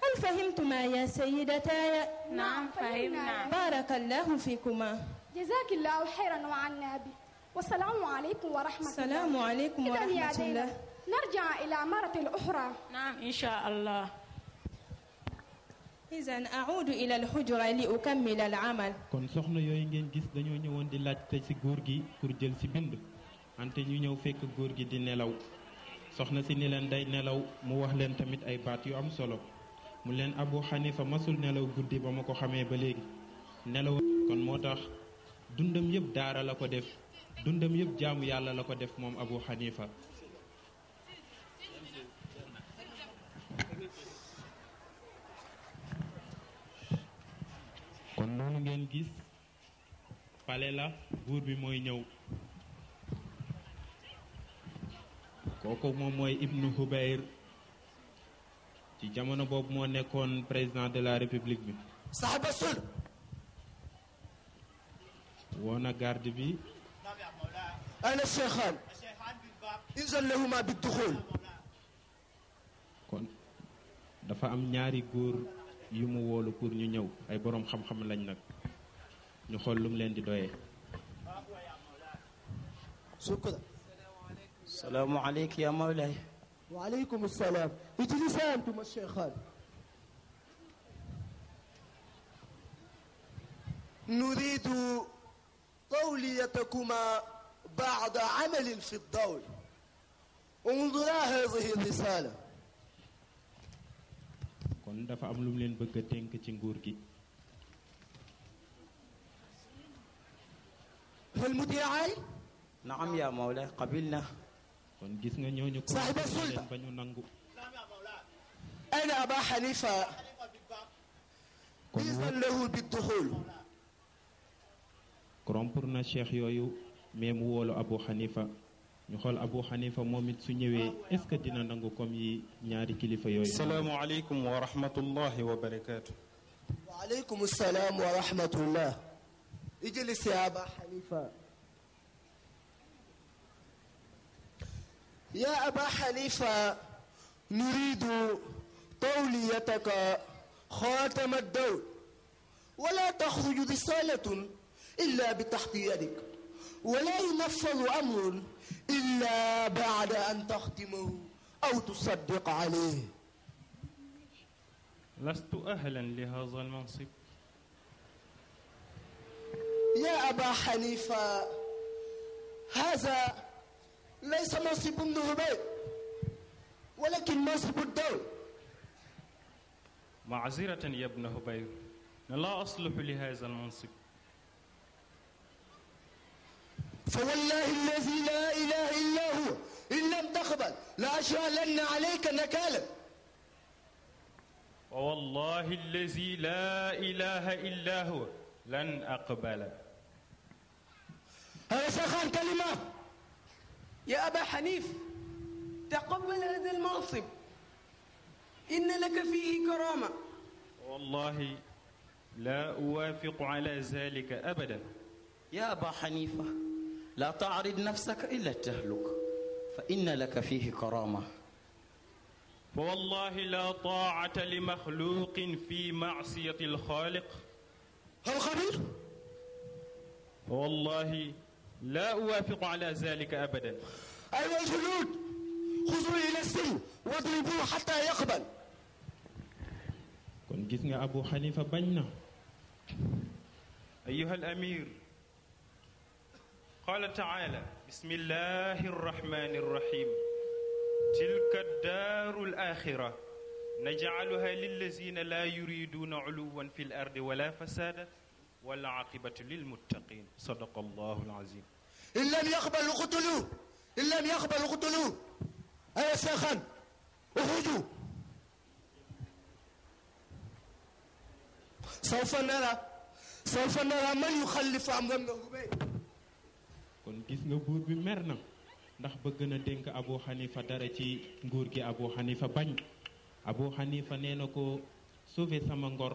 Speaker 5: هل فهمتما يا سيدتاي؟ نعم فهمنا بارك الله فيكما جزاك الله خيرا وعنا به والسلام عليكم ورحمة السلام الله السلام عليكم ورحمة الله نرجع إلى مرة أخرى نعم إن شاء الله isan audu ila alxujra li ukammil al amal
Speaker 2: kon soxna yooyu ngeen gis dañoo ñëwoon di laajte ci góor gi pour jël ci bind ante ñu ñëw fekk góor gi di nelaw soxna si ni leen day nelaw mu wax leen tamit ay baat yu am solo mu leen abu xanifa masul nelaw guddi ba ma ko xamee ba léegi nelaw kon moo tax dundam yëpp daara la ko def dundam yëpp jaamu yàlla la ko def moom abu xanifa kon ngeen gis pale la buur bi mooy ñëw kooku moom mooy Ibnu Hubayr ci jamono boobu moo nekkoon président de la république bi saaba sul woon garde bi
Speaker 8: ayna cheikhaan inzal lahuma bi duxul
Speaker 2: kon dafa am ñaari góor yu mu woolu pour ñu ñëw ay borom xam-xam
Speaker 7: lañ nak ñu xol lu mu leen di doye doyee شكرا السلام عليك يا مولاي
Speaker 8: وعليكم السلام اجلسا انتما الشيخان نريد طوليتكما بعد عمل في الدول انظرا هذه الرساله
Speaker 2: kon dafa am lu leen bëgg a ci nguur gi
Speaker 7: fal mudiyaay naam yaa mawla qabil na kon gis nga ñooñu ko saaxiba sulta nangu
Speaker 8: ana aba xanifa izan lahu bi duxul
Speaker 2: corrompre na cheikh yooyu même woolu abu xanifa ñu xool abu xanifa moom it su ñëwee est ce que dina nangu comme yi ñaari kilifa yooyu salaamualeykum wa rahmatullahi wa barakatu
Speaker 8: وعليكم السلام ورحمة الله اجلس يا أبا حنيفة يا أبا حنيفة نريد طوليتك خاتم الدول ولا تخرج رسالة إلا بتحت يدك ولا ينفذ أمر إلا بعد أن تختمه أو تصدق عليه
Speaker 2: لست أهلا لهذا المنصب
Speaker 8: يا أبا حنيفة هذا ليس منصب النهبين ولكن منصب الدول
Speaker 2: معذرة يا ابن هبير لا أصلح لهذا المنصب
Speaker 8: فوالله الذي لا إله إلا هو إن لم تقبل لأشعلن عليك نكالا
Speaker 2: فوالله الذي لا إله إلا هو لن أقبل
Speaker 9: هذا سخان كلمة يا أبا حنيف تقبل هذا المنصب إن لك فيه كرامة
Speaker 2: والله لا
Speaker 7: أوافق على ذلك أبدا يا أبا حنيفة لا تعرض نفسك إلا التهلك فإن لك فيه كرامة
Speaker 2: فوالله لا طاعة لمخلوق في معصية الخالق هل خبير؟ فوالله لا أوافق على ذلك أبدا
Speaker 3: أيها الجنود خذوا إلى السجن واضربوه حتى
Speaker 2: يقبل كن جسنا أبو حنيفة بينا أيها الأمير قال تعالى بسم الله الرحمن الرحيم تلك الدار الآخرة نجعلها للذين لا يريدون علوا في الأرض ولا فسادا ولا عاقبة للمتقين صدق الله العظيم إن لم يقبل
Speaker 3: اقتلوه إن لم يقبل اقتلوه أي ساخن اخرجوا
Speaker 8: سوف نرى سوف نرى من يخلف عن ذنب
Speaker 2: kon gis nga buur bi merna ndax bëgg na denk abu hanifa dara ci nguur gi abu hanifa bañ abu hanifa neena ko sauver sama ngor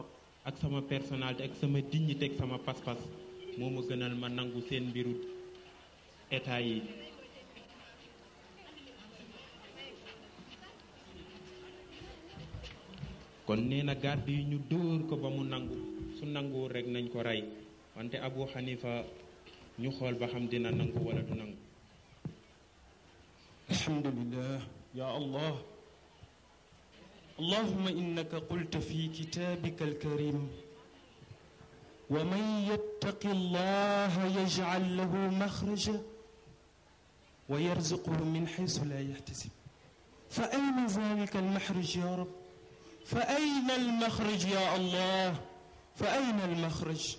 Speaker 2: ak sama personnalité ak sama dignité ak sama pas-pas momu gënal ma nangu seen mbiru état yi kon neena na garde yi ñu door ko ba mu nangu su nangu rek nañ ko ray wante abu hanifa ñu xool ba xam dina nangu wala du nangu alhamdulillah ya allah اللهم انك قلت في كتابك الكريم ومن يتق الله يجعل له مخرجا ويرزقه من حيث لا يحتسب فاين ذلك المخرج يا رب فاين المخرج يا الله فاين
Speaker 4: المخرج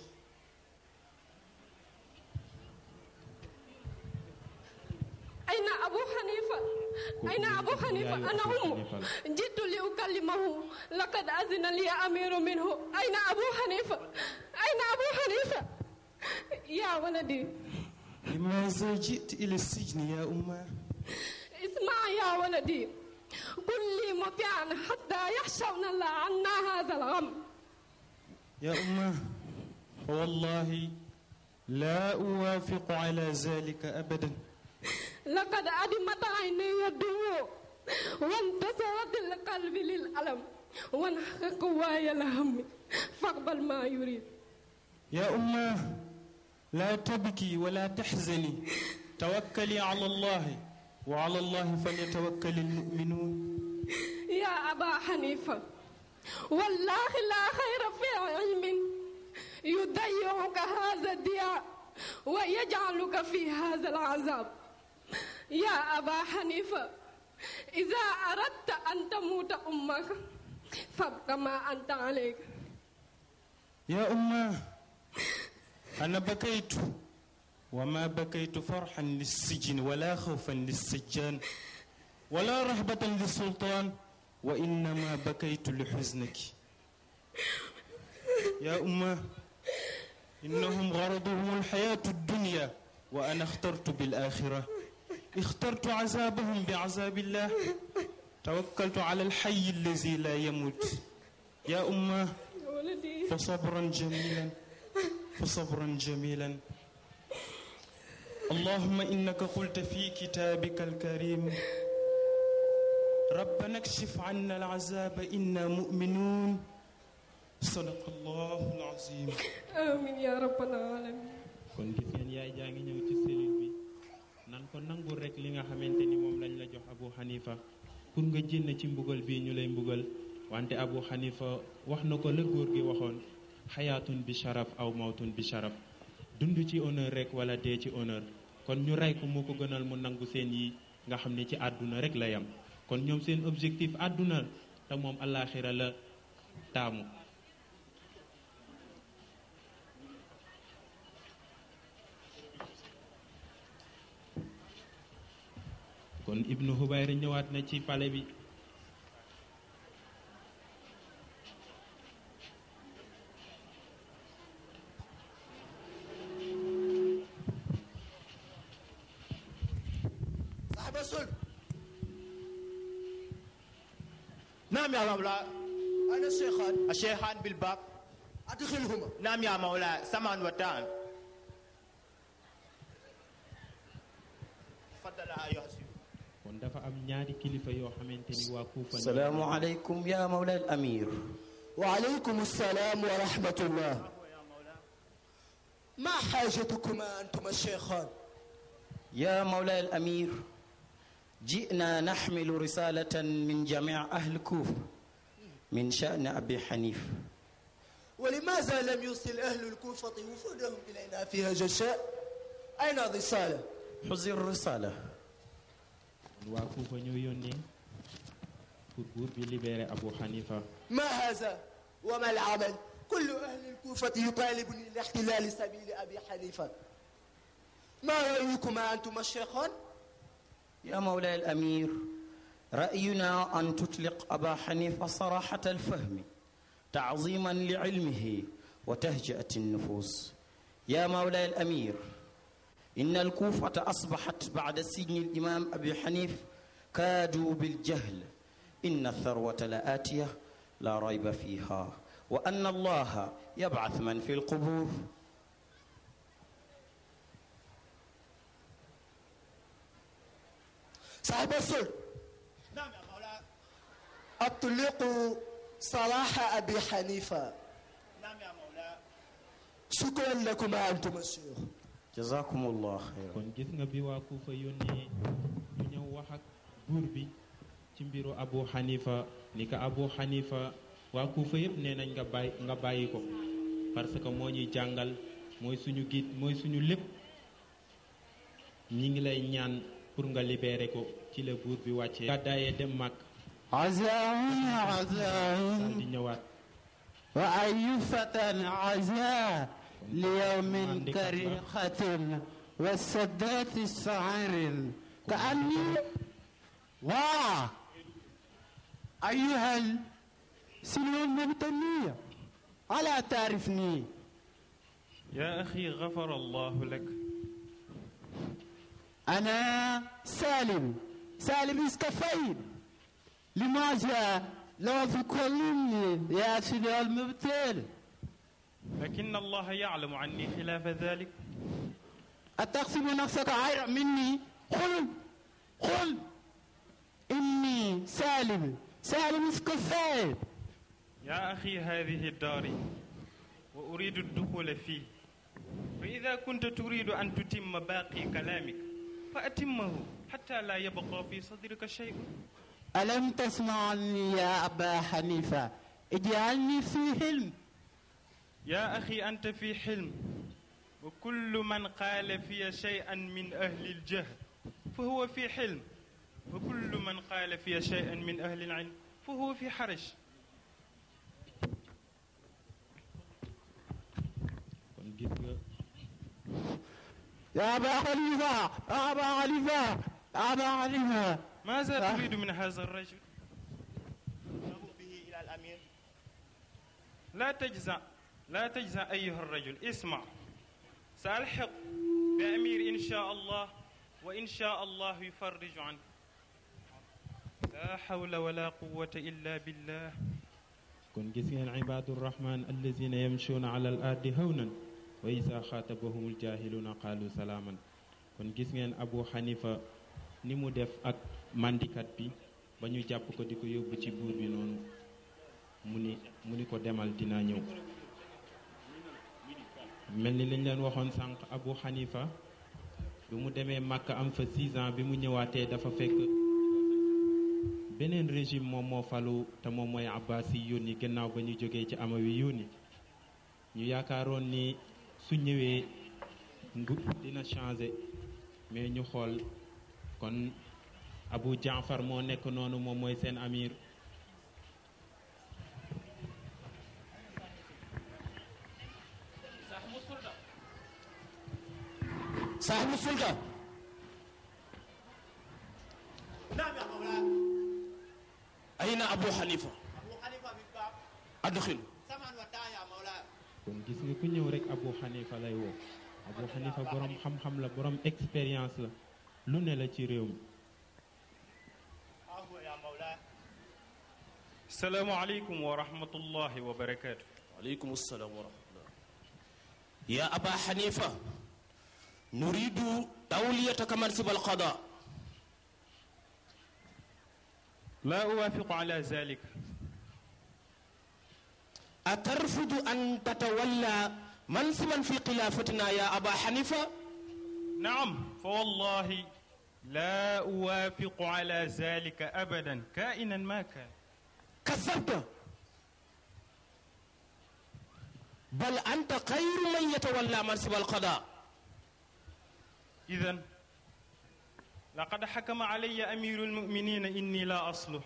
Speaker 6: أين أبو حنيفة أين أبو حنيفة أنا أمه جئت لأكلمه لقد أذن لي أمير منه أين أبو حنيفة أين أبو حنيفة يا ولدي
Speaker 2: لماذا جئت إلى السجن يا أمه
Speaker 6: اسمع يا ولدي قل لي مطيعا حتى يحشون الله عنا هذا الغم
Speaker 2: يا أمه والله لا أوافق على ذلك أبداً
Speaker 6: لقد أدمت عيني الدموع وانتصرت القلب للألم وانحق قواي الهم فاقبل ما يريد
Speaker 2: يا أمه لا تبكي ولا تحزني توكلي على الله وعلى الله فليتوكل المؤمنون
Speaker 6: يا أبا حنيفة والله لا خير في علم يضيعك هذا الضياء ويجعلك في هذا العذاب يا أبا حنيفة إذا أردت أن تموت أمك فابق ما أنت عليك
Speaker 9: يا أمه
Speaker 2: أنا بكيت وما بكيت فرحا للسجن ولا خوفا للسجان ولا رهبة للسلطان وإنما بكيت لحزنك يا أمه إنهم غرضهم الحياة الدنيا وأنا اخترت بالآخرة اخترت عذابهم بعذاب الله توكلت على الحي الذي لا يموت يا أمة فصبرا جميلا فصبرا جميلا اللهم إنك قلت في كتابك الكريم ربنا اكشف عنا العذاب إنا مؤمنون صدق الله العظيم
Speaker 6: آمين يا رب العالمين
Speaker 2: ko nangul rek li nga xamante ni moom lañ la jox Abu xanifa pour nga génn ci mbugal bii ñu lay mbugal wante Abu Hanifa wax na ko la góor gi waxoon xayaatun bi sharaf aw mawtun bi sharaf dund ci honneur rek wala dee ci honneur kon ñu rey ko moo ko gënal mu nangu seen yi nga xam ne ci àdduna rek la yam kon ñoom seen objectif àdduna te moom alaaxira la taamu kon ibnu hubayr ñëwaat na ci pale bi
Speaker 3: نعم يا مولا أنا الشيخان الشيخان بالباب أدخلهما نعم يا مولا سمعا وطاعا
Speaker 2: السلام
Speaker 7: عليكم يا xamante الأمير وعليكم السلام ورحمة الله
Speaker 8: ما حاجتكما أنتما الشيخان
Speaker 7: يا مولاي الأمير جئنا نحمل رسالة من جميع أهل كوفة من شأن أبي حنيف
Speaker 8: ولماذا لم يوصل أهل الكوفة وفودهم إلينا في
Speaker 7: هذا أين الرسالة؟ حزر
Speaker 2: الرسالة waa Kuufa ñoo yónnee pour buur bi libéré Abu Hanifa.
Speaker 8: ما هذا وما العمل كل أهل الكوفة يطالبني لاحتلال سبيل أبي حنيفة ما رأيكما أنتم الشيخان؟
Speaker 7: يا مولاي الأمير رأينا أن تطلق أبا حنيفة صراحة الفهم تعظيما لعلمه وتهجئة النفوس يا مولاي الأمير إن الكوفة أصبحت بعد سجن الإمام أبي حنيف كادوا بالجهل إن الثروة لآتية لا ريب فيها وأن الله يبعث من في القبور
Speaker 8: صاحب السر نعم يا مولانا أطلق صلاح أبي حنيفة نعم يا مولاي شكرا لكما أنتم الشيوخ
Speaker 7: jazakumullah xayran
Speaker 2: kon gis nga bi waa Kuufa yónnee ñu ñëw wax ak buur bi ci mbiru Abu Hanifa ni ko Abu Hanifa waa Kuufa yëpp nee nañ nga bàyyi ko parce que moo ñuy jàngal mooy suñu giit mooy suñu lépp ñi ngi lay ñaan pour nga libéré ko ci la buur bi wàccee gàddaayee dem màkk azaa di ñëwaat wa ayu fatan ليوم كريخة والسدات السعار
Speaker 3: كأني واع أيها سليم المهتمية ألا تعرفني
Speaker 2: يا أخي غفر الله لك
Speaker 3: أنا سالم سالم إسكفين لماذا لا تكلمني يا سيدي المبتل
Speaker 2: لكن الله يعلم عني خلاف ذلك
Speaker 3: أتقسم نفسك عير مني قل قل إني سالم سالم كالسالم
Speaker 2: يا أخي هذه داري وأريد الدخول فيه فإذا كنت تريد أن تتم باقي كلامك فأتمه حتى لا يبقى في صدرك شيء
Speaker 3: ألم تسمعني يا أبا حنيفة اجعلني في حلم
Speaker 2: يا أخي أنت في حلم وكل من قال في شيئا من أهل الجهل فهو في حلم وكل من قال في شيئا من أهل العلم فهو في حرج
Speaker 3: يا أبا خليفة يا أبا
Speaker 2: خليفة يا أبا خليفة ماذا أه؟ تريد من هذا الرجل؟
Speaker 8: به إلى الأمير
Speaker 2: لا تجزع لا تجزع أيها الرجل اسمع سألحق بأمير إن شاء الله وإن شاء الله يفرج عنك لا حول ولا قوة إلا بالله كن جسين عباد الرحمن الذين يمشون على الأرض هونا وإذا خاطبهم الجاهلون قالوا سلاما كن gis أبو حنيفة نمو دف أك def ak mandikat bi ba ديكو يوبو تيبور di ko yóbbu ci buur bi noonu mu mel ni lañ leen waxoon sànq abu xanifa bi mu demee màkka am fa six ans bi mu ñëwaatee dafa fekk beneen régime moom moo falu te moom mooy abbasi yuni gannaaw ba ñu jógee ci amawi yuni ñu yaakaaroon ni su ñëwee ngu dina changé mais ñu xool kon abu jaafar moo nekk noonu moom mooy seen amir
Speaker 3: صاحب السلطة نعم يا مولاي أين أبو حنيفة؟ أبو حنيفة في الباب أدخل سمعا وطاعة يا مولاي
Speaker 2: كون جسمي كن يوريك أبو حنيفة لا يو أبو حنيفة برام حم حم لا برام إكسبرينس لا لون لا تيريوم
Speaker 8: أهو يا مولاي
Speaker 2: السلام عليكم ورحمة الله وبركاته عليكم السلام ورحمة الله
Speaker 3: يا أبا حنيفة نريد تولية كمنصب
Speaker 2: القضاء لا أوافق على ذلك
Speaker 3: أترفض أن تتولى منصبا في خلافتنا يا أبا حنيفة
Speaker 2: نعم فوالله لا أوافق على ذلك أبدا كائنا ما كان كذبت بل أنت خير
Speaker 3: من يتولى منصب القضاء
Speaker 2: إذا لقد حكم علي أمير المؤمنين إني لا أصلح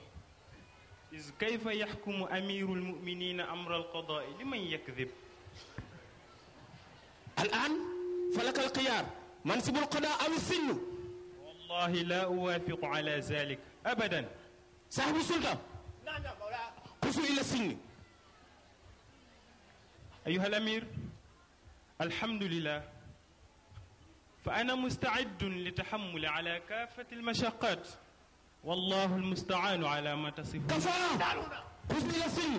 Speaker 2: إذ كيف يحكم أمير المؤمنين أمر القضاء لمن يكذب الآن فلك القيار منصب القضاء أو السن والله لا أوافق على ذلك أبدا صاحب السلطة لا لا مولاي قصوا إلى السن أيها الأمير الحمد لله فأنا مستعد لتحمل على كافة المشاقات والله المستعان على ما تصفون كفانا نعم.
Speaker 3: بسم الله سي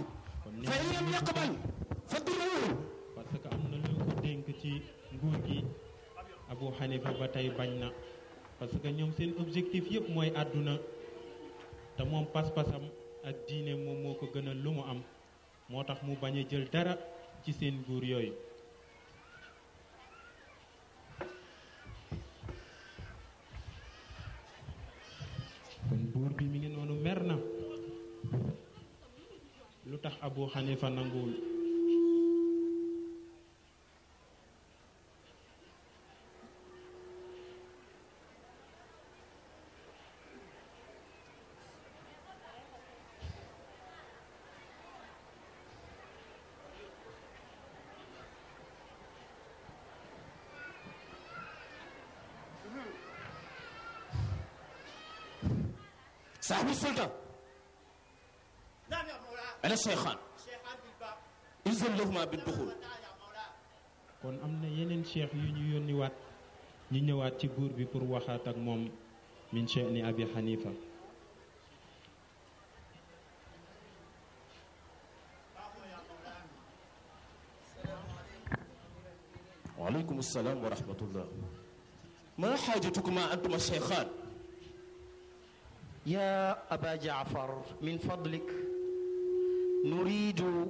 Speaker 2: فإن لم يقبل فدروه فاتك أمنا لنكدين كتي نقولكي أبو حنيفة باتاي بانا فاتك نيوم سين أبجيكتيف يب موي أدونا تموم باس باسم الدين مو موكو غنى لومو أم موتاك مو بانا جل دارا جسين غور kon buur bi mi ngi noonu mer na lu tax Abu Xanifa nanguwul
Speaker 3: صاحب السلطه
Speaker 6: نعم انا الشيخان الشيخان بالباب
Speaker 2: الزم لهما بالدخول كون امنا يينن شيخ يو ني يوني وات ني نيوات تي غور بي بور واخات موم من شان ابي حنيفه
Speaker 3: وعليكم السلام ورحمه الله ما حاجتكما انتم الشيخان
Speaker 7: يا أبا جعفر من فضلك نريد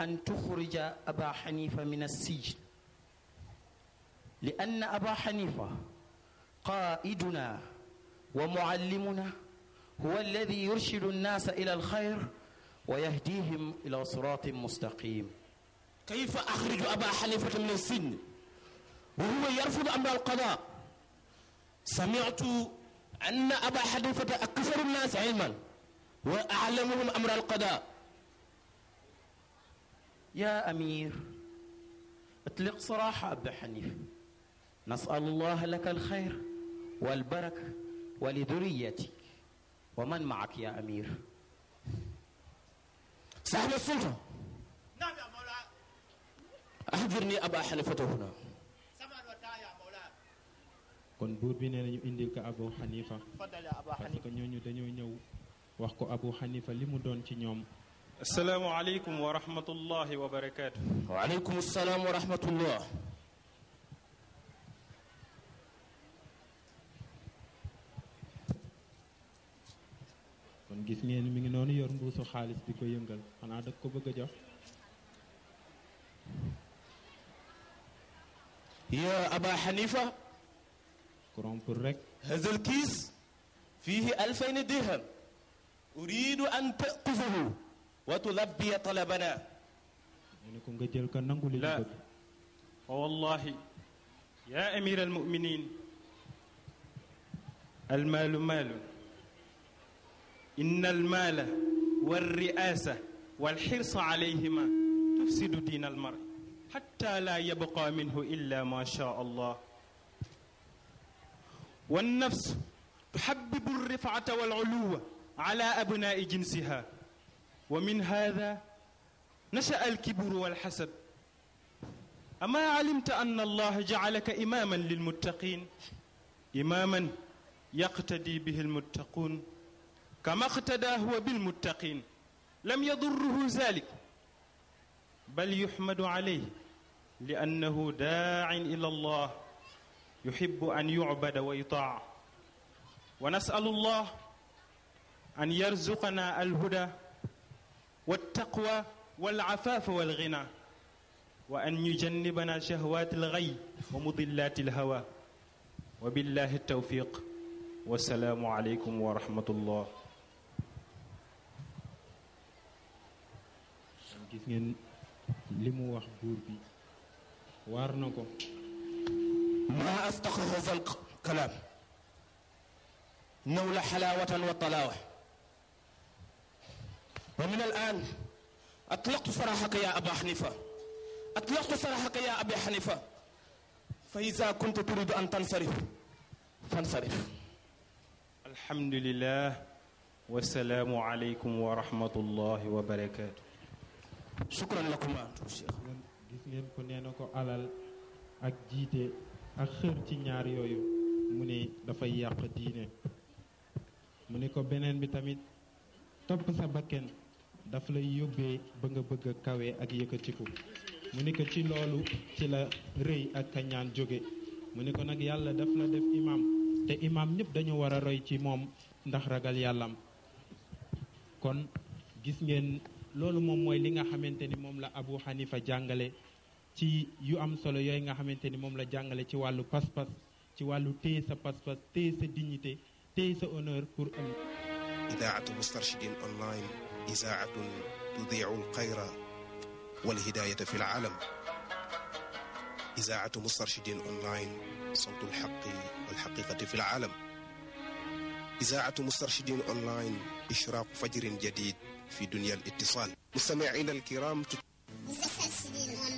Speaker 7: أن تخرج أبا حنيفة من السجن لأن أبا حنيفة قائدنا ومعلمنا هو الذي يرشد الناس إلى الخير ويهديهم إلى صراط مستقيم كيف أخرج أبا حنيفة
Speaker 3: من السجن وهو يرفض أمر القضاء سمعت أن أبا حنيفة أكثر الناس علما وأعلمهم أمر
Speaker 7: القضاء يا أمير اطلق صراحة أبا حنيفة نسأل الله لك الخير والبركة ولذريتك ومن معك يا أمير صاحب السلطة
Speaker 3: نعم يا مولاي
Speaker 7: أحضرني
Speaker 2: أبا حنيفة هنا kon bur bi neena ñu indil ko abu hanifa ko ñoo ñu dañoo ñëw wax ko abu hanifa limu doon ci ñoom wa rahmatullahi wa barakatuh wa alaykum assalam wa rahmatullah kon gis ngeen mi ngi noonu yor mbuusu xaalis di ko yëngal xanaa dag ko bëgg a jox يا أبا حنيفة كرون برك
Speaker 3: هذا الكيس فيه ألفين درهم أريد أن تأخذه
Speaker 2: وتلبي طلبنا يعني لا فوالله يا أمير المؤمنين المال مال إن المال والرئاسة والحرص عليهما تفسد دين المرء حتى لا يبقى منه إلا ما شاء الله والنفس تحبب الرفعة والعلو على أبناء جنسها ومن هذا نشأ الكبر والحسد أما علمت أن الله جعلك إماما للمتقين إماما يقتدي به المتقون كما اقتدى هو بالمتقين لم يضره ذلك بل يحمد عليه لأنه داع إلى الله يحب أن يعبد ويطاع ونسأل الله أن يرزقنا الهدى والتقوى والعفاف والغنى وأن يجنبنا شهوات الغي ومضلات الهوى وبالله التوفيق والسلام عليكم ورحمة الله gis ngeen li mu wax buur bi na ko ما أفتقه هذا الكلام
Speaker 3: نول حلاوة وطلاوة ومن الآن أطلقت فرحك يا أبا حنيفة أطلقت فرحك يا أبي حنيفة فإذا كنت تريد أن تنصرف فانصرف
Speaker 2: الحمد لله والسلام عليكم ورحمة الله وبركاته شكرا لكم أنتم شيخ ak xër ci ñaar yooyu mu ne dafay yàq diine mu ne ko beneen bi tamit topp sa bakken daf lay yóbbee ba nga bëgg a kawe ak yëkkatiku mu ne ko ci loolu ci la rëy ak kañaan jóge mu ne ko nag yàlla daf la def imam te imam ñëpp dañu war a roy ci moom ndax ragal yàllam kon gis ngeen loolu moom mooy li nga xamante ni la abu xanifa jàngale ci yu am solo yooyu nga xamante ni moom la jàngale ci wàllu pas-pas ci wàllu téye sa pas-pas téye sa dignité téye sa honneur pour am idaatu mustarshidin online isaatun tudiu alxayra walhidayata fi laalam izaatu mustarshidin online sawtu alxaqi walxaqiqati fi laalam إذاعة مسترشدين أونلاين إشراق فجر جديد في دنيا الاتصال مستمعينا الكرام mustarshidin online